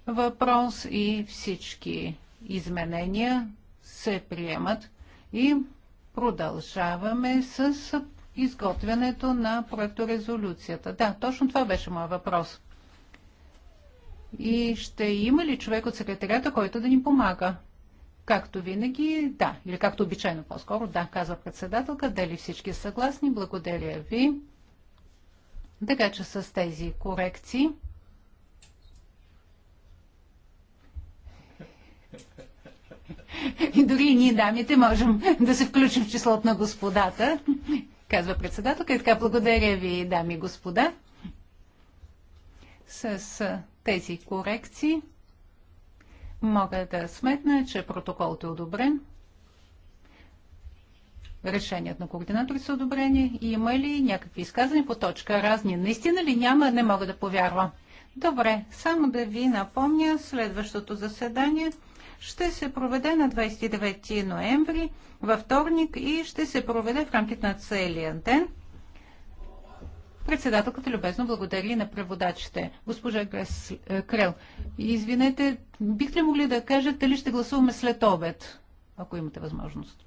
въпрос и всички изменения се приемат и продължаваме с изготвянето на проекторезолюцията. Да, точно това беше моят въпрос. И ще има ли човек от секретарията, който да ни помага? Както винаги, да. Или както обичайно по-скоро, да, казва председателка. Дали всички съгласни? Благодаря ви. Така че с тези корекции. И дори ние, дамите, можем да се включим в числото на господата, казва председателка. И така, благодаря ви, дами и господа. С тези корекции, мога да сметна, че протоколът е одобрен. Решението на координатори са одобрени. Има ли някакви изказвания по точка разни? Наистина ли няма? Не мога да повярвам. Добре, само да ви напомня, следващото заседание ще се проведе на 29 ноември във вторник и ще се проведе в рамките на целия ден. Председателката любезно благодари на преводачите. Госпожа Грес, е, Крел, извинете, бихте ли могли да кажете ли ще гласуваме след обед, ако имате възможност?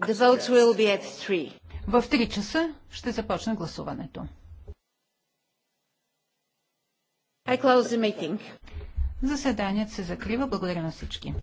The votes will be at В 3 часа ще започне гласуването. I close the meeting. Заседанието се закрива. Благодаря на всички.